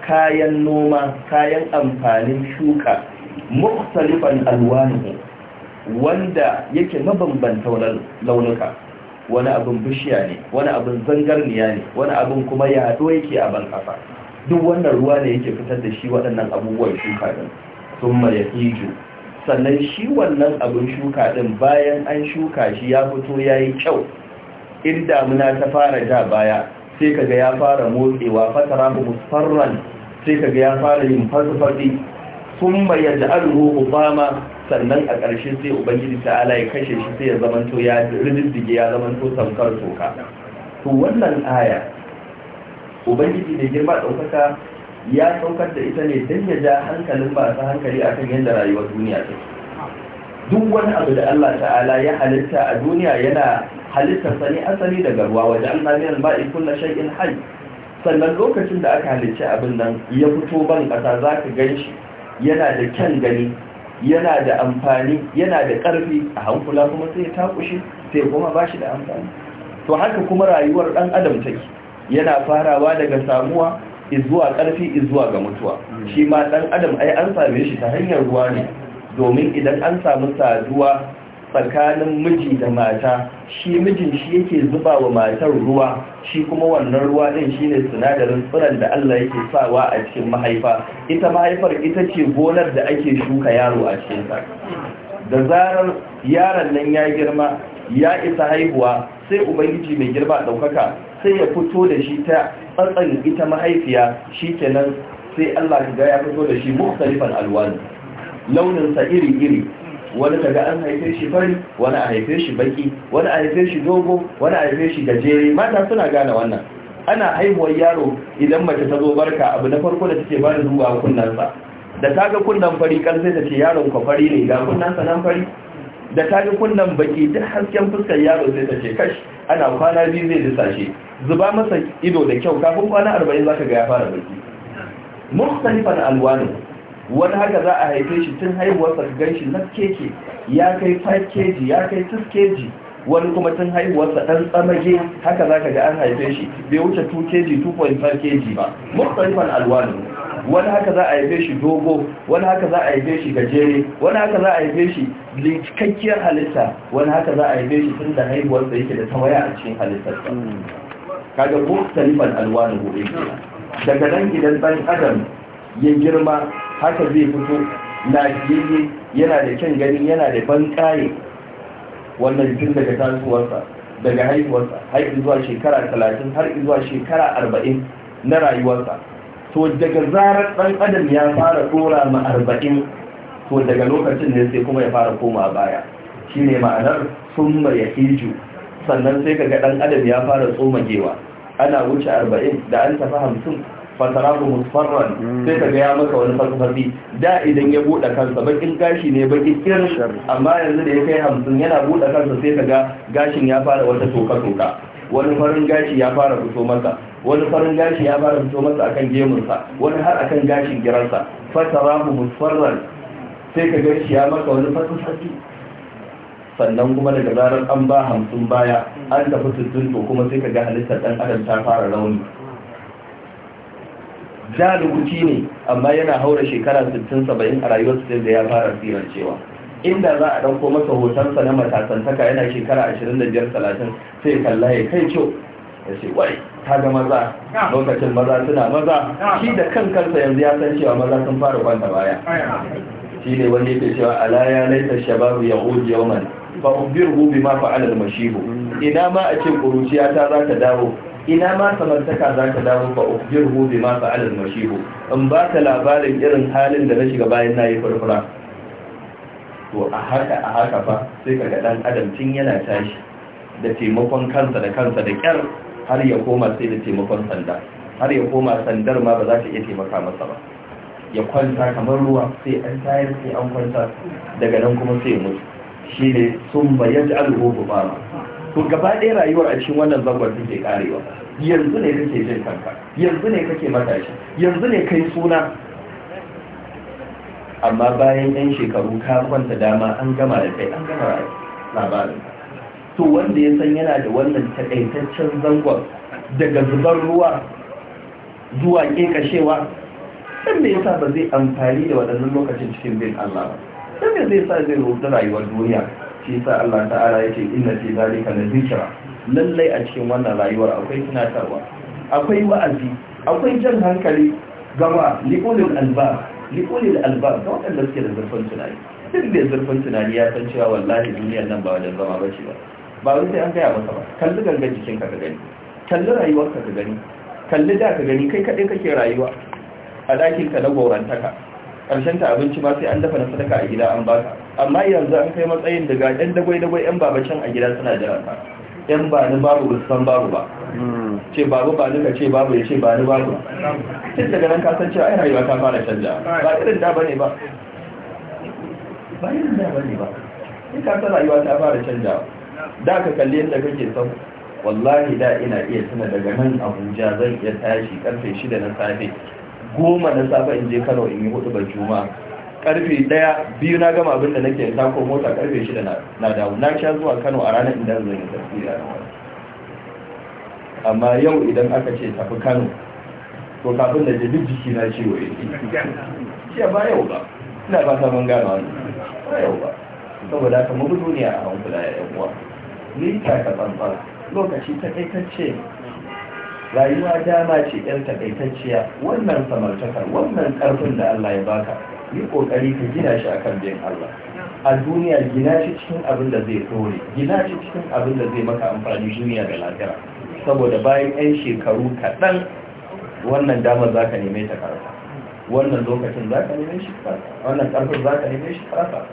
kayan noma kayan amfanin shuka mukhtalifan alwanihi wanda yake mabambanta launuka wani abin bishiya ne wani abin zangarniya ne wani abin kuma yaɗo yake a ban duk wannan ruwa ne yake fitar da shi waɗannan abubuwan shuka din sun ya sannan shi wannan abin shuka din bayan an shuka shi ya fito ya yi kyau in damuna ta fara ja baya sai kaga ya fara motsewa fatara musfarran sai kaga ya fara yin fasfadi sun bayyana alhu ubama sannan a ƙarshe sai ubangiji ta'ala ya kashe shi sai ya zamanto ya rididdige ya zamanto tamkar toka to wannan aya ubangiji da girma ɗaukaka ya saukar da ita ne don ya ja hankalin ba hankali akan yadda rayuwar duniya take duk wani abu da Allah ta'ala ya halitta a duniya yana halittar sani asali daga ruwa wajen an sami alba'i kulla shay'in sannan lokacin da aka halitta abin nan ya fito ban kasa gan shi, yana da kyan gani yana da amfani yana da karfi a hankula kuma sai ya kushe, sai kuma ba shi da amfani to haka kuma rayuwar ɗan adam take yana farawa daga samuwa izuwa karfi izuwa ga mutuwa hmm. shi ma ɗan adam ai an same shi ta hanyar ruwa ne domin idan an samu saduwa tsakanin miji da mata shi mijin shi yake zuba wa matar ruwa shi kuma wannan ruwa din ne sinadarin tsiran da Allah yake sawa a cikin mahaifa ita mahaifar ita ce gonar da ake shuka yaro a cikin da zarar yaron nan ya girma ya isa haihuwa sai ubangiji mai girma daukaka sai ya fito da shi ta tsatsan ita mahaifiya shi kenan sai Allah ya fito da shi mukhtalifan alwani launinsa iri-iri wani ga an haife shi fari wani a haife shi baki wani a haife shi dogo wani a haife shi gajere mata suna gane wannan ana haihuwar yaro idan mace ta zo barka abu na farko da take bada zuwa kunnansa da ta ga kunnan fari kan sai ta ce yaron ka fari ne ga kunnansa nan fari da ta ga kunnan baki duk hasken fuskar yaro sai ta ce kash ana kwana biyu zai shi zuba masa ido da kyau kafin kwana arba'in zaka ga ya fara baki mukhtalifan alwanu wani haka za a haife shi tun haihuwarsa sa gan shi na keke ya kai 5 kg ya kai 6 kg wani kuma tun haihuwarsa ɗan tsamage haka za ka ga an haife shi bai wuce 2 kg 2.5 kg ba mutsarifan alwanu wani haka za a haife shi dogo wani haka za a haife shi gajere wani haka za a haife shi cikakkiyar halitta wani haka za a haife shi tun da haihuwarsa yake da tawaya a cikin halittarsa kaga mutsarifan alwanu daga nan idan ɗan adam ya girma haka zai fito lafiyayye yana da kyan gani yana da ban kare wannan tun daga tasowarsa daga haihuwarsa har zuwa shekara talatin har zuwa shekara arba'in na rayuwarsa to daga zarar ɗan adam ya fara ɗora ma arba'in to daga lokacin ne sai kuma ya fara koma baya Shi ne ma'anar summa ya hiju sannan sai kaga ɗan adam ya fara tsomagewa ana wuce arba'in da an tafi hamsin fasarahu musfarran mm. sai ka ya maka wani fasfafi da idan ya buɗe kansa bakin gashi ne bakin kirin amma yanzu da ya kai hamsin yana buɗe kansa sai ka ga gashin ya fara wata toka-toka wani farin gashi ya fara fito masa wani farin gashi ya fara fito masa akan gemunsa wani har akan gashin sa fasarahu musfarran sai ka gashi ya maka wani fasfafi sannan kuma daga zarar an ba hamsin baya an tafi sittin to kuma sai ka ga halittar ɗan adam ta fara rauni Da rubuci ne amma yana haura shekara 60-70 a rayuwarsa da ya fara tsirar cewa inda za a ɗauko masa hotonsa na matasantaka yana shekara 25-30 sai kalla ya kai ciwo ya ce wai ta ga maza lokacin maza suna maza shi da kan yanzu ya san cewa maza sun fara kwanta baya shi ne wani yake cewa ala ya laita shababu ya ba yawman fa ubirhu bima ma mashihu ina ma a ce kuruciya ta za ta dawo ina ma samartaka za ka dawo ba ufjir hu bi ma fa'alar mashihu in ba ka labarin irin halin da na shiga bayan na yi furfura to a haka a haka fa sai ka ga dan adam tun yana tashi da taimakon kansa da kansa da kyar har ya koma sai da taimakon sanda har ya koma sandar ma ba za ta iya taimaka masa ba ya kwanta kamar ruwa sai an tayar sai an kwanta daga nan kuma sai mutu shi ne sun bayyana alhubu ba to gaba ɗaya rayuwar a cikin wannan zangon take karewa yanzu ne kake jin kanka yanzu ne kake matashi yanzu ne kai suna amma bayan yan shekaru ka kwanta dama an gama da kai an gama labarin to wanda ya san yana da wannan takaitaccen zangon daga zubar ruwa zuwa kekashewa dan me yasa ba zai amfani da waɗannan lokacin cikin bin Allah ba dan me zai sa zai rubuta rayuwar duniya shi sa Allah ta'ala yake inna fi zalika la zikra lallai a cikin wannan rayuwar akwai tunatarwa akwai wa'azi akwai jan hankali gaba liqulil albab liqulil albab ga wanda suke da zurfin tunani duk da zurfin tunani ya san cewa wallahi duniyar nan ba wajen zama bace ba ba wai sai an gaya masa ba kalli gangan jikin ka gani kalli rayuwarka ka gani kalli da ka gani kai kadai kake rayuwa a dakin ka na gorantaka karshen ta abinci ma sai an dafa na sadaka a gida an baka amma yanzu an kai matsayin daga ɗan dagwai-dagwai yan babacin a gida suna jiran ka yan ba ni babu ba san babu ba hmm. ce babu ba duka ce babu ya ce ba ni babu tun daga nan kasan cewa ai rayuwa ta fara canja ba irin da bane ba ba irin da bane ba in ka san rayuwa ta fara canja da ka kalli yadda kake san wallahi da ina iya tuna daga nan abuja zan iya tashi karfe shida na safe goma na safe in je kano in yi hudu ba Juma. karfe daya biyu na gama abinda nake ta ko mota karfe shida na dawo na sha zuwa kano a ranar inda zan yi tafiya na wani amma yau idan aka ce tafi kano to kafin da duk jiki na ciwo yake shi ba yau ba ina ba ta gano wani ba yau ba saboda mu duniya a hankula ya yan uwa ni ta ka lokaci ta kai ta ce rayuwa dama ce ɗan takaitacciya wannan samartakar wannan ƙarfin da Allah ya baka yi ƙoƙari ka gina shi akan bin Allah a duniya gina shi cikin abin da zai tsore gina shi cikin abin da zai maka amfani duniya da lafiya saboda bayan 'yan shekaru kaɗan wannan damar za ka neme ta karfa wannan lokacin za ka neme shi karfa wannan ƙarfin za ka neme shi karfa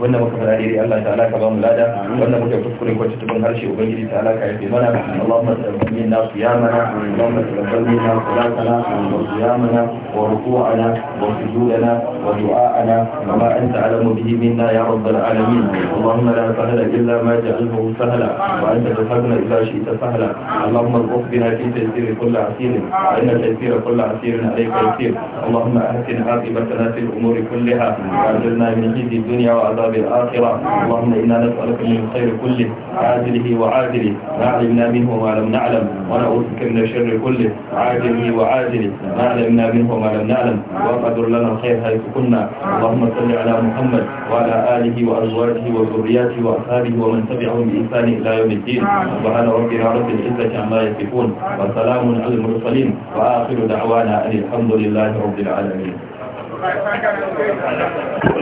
wanda muka fara dai Allah ta'ala ka ba mu lada wanda muka kuskure ko tutubin harshe ubangiji ta'ala ka yafe mana Allahumma taqabbal minna siyamana Allahumma taqabbal minna salatana wa siyamana wa ruku'ana wa sujudana wa du'a'ana wa ma anta alamu bihi minna ya rabbal alamin Allahumma la sahla illa ma ja'altahu sahla wa anta tahzna idha shi'ta sahla Allahumma ارزق بنا في تيسير كل عسير وان تيسير كل عسير عليك يسير اللهم احسن عاقبتنا في الامور كلها واجرنا من خزي الدنيا وعذاب ثواب الآخرة اللهم إنا نسألك من الخير كله عاجله وعاجله ما علمنا منه وما لم نعلم ونعوذ بك من الشر كله عاجله وعاجله ما علمنا منه وما لم نعلم واقدر لنا الخير حيث كنا اللهم صل على محمد وعلى آله وأزواجه وذرياته وأصحابه ومن تبعهم بإحسان إلى يوم الدين سبحان ربنا رب العزة عما يصفون وسلام على المرسلين وآخر دعوانا أن الحمد لله رب العالمين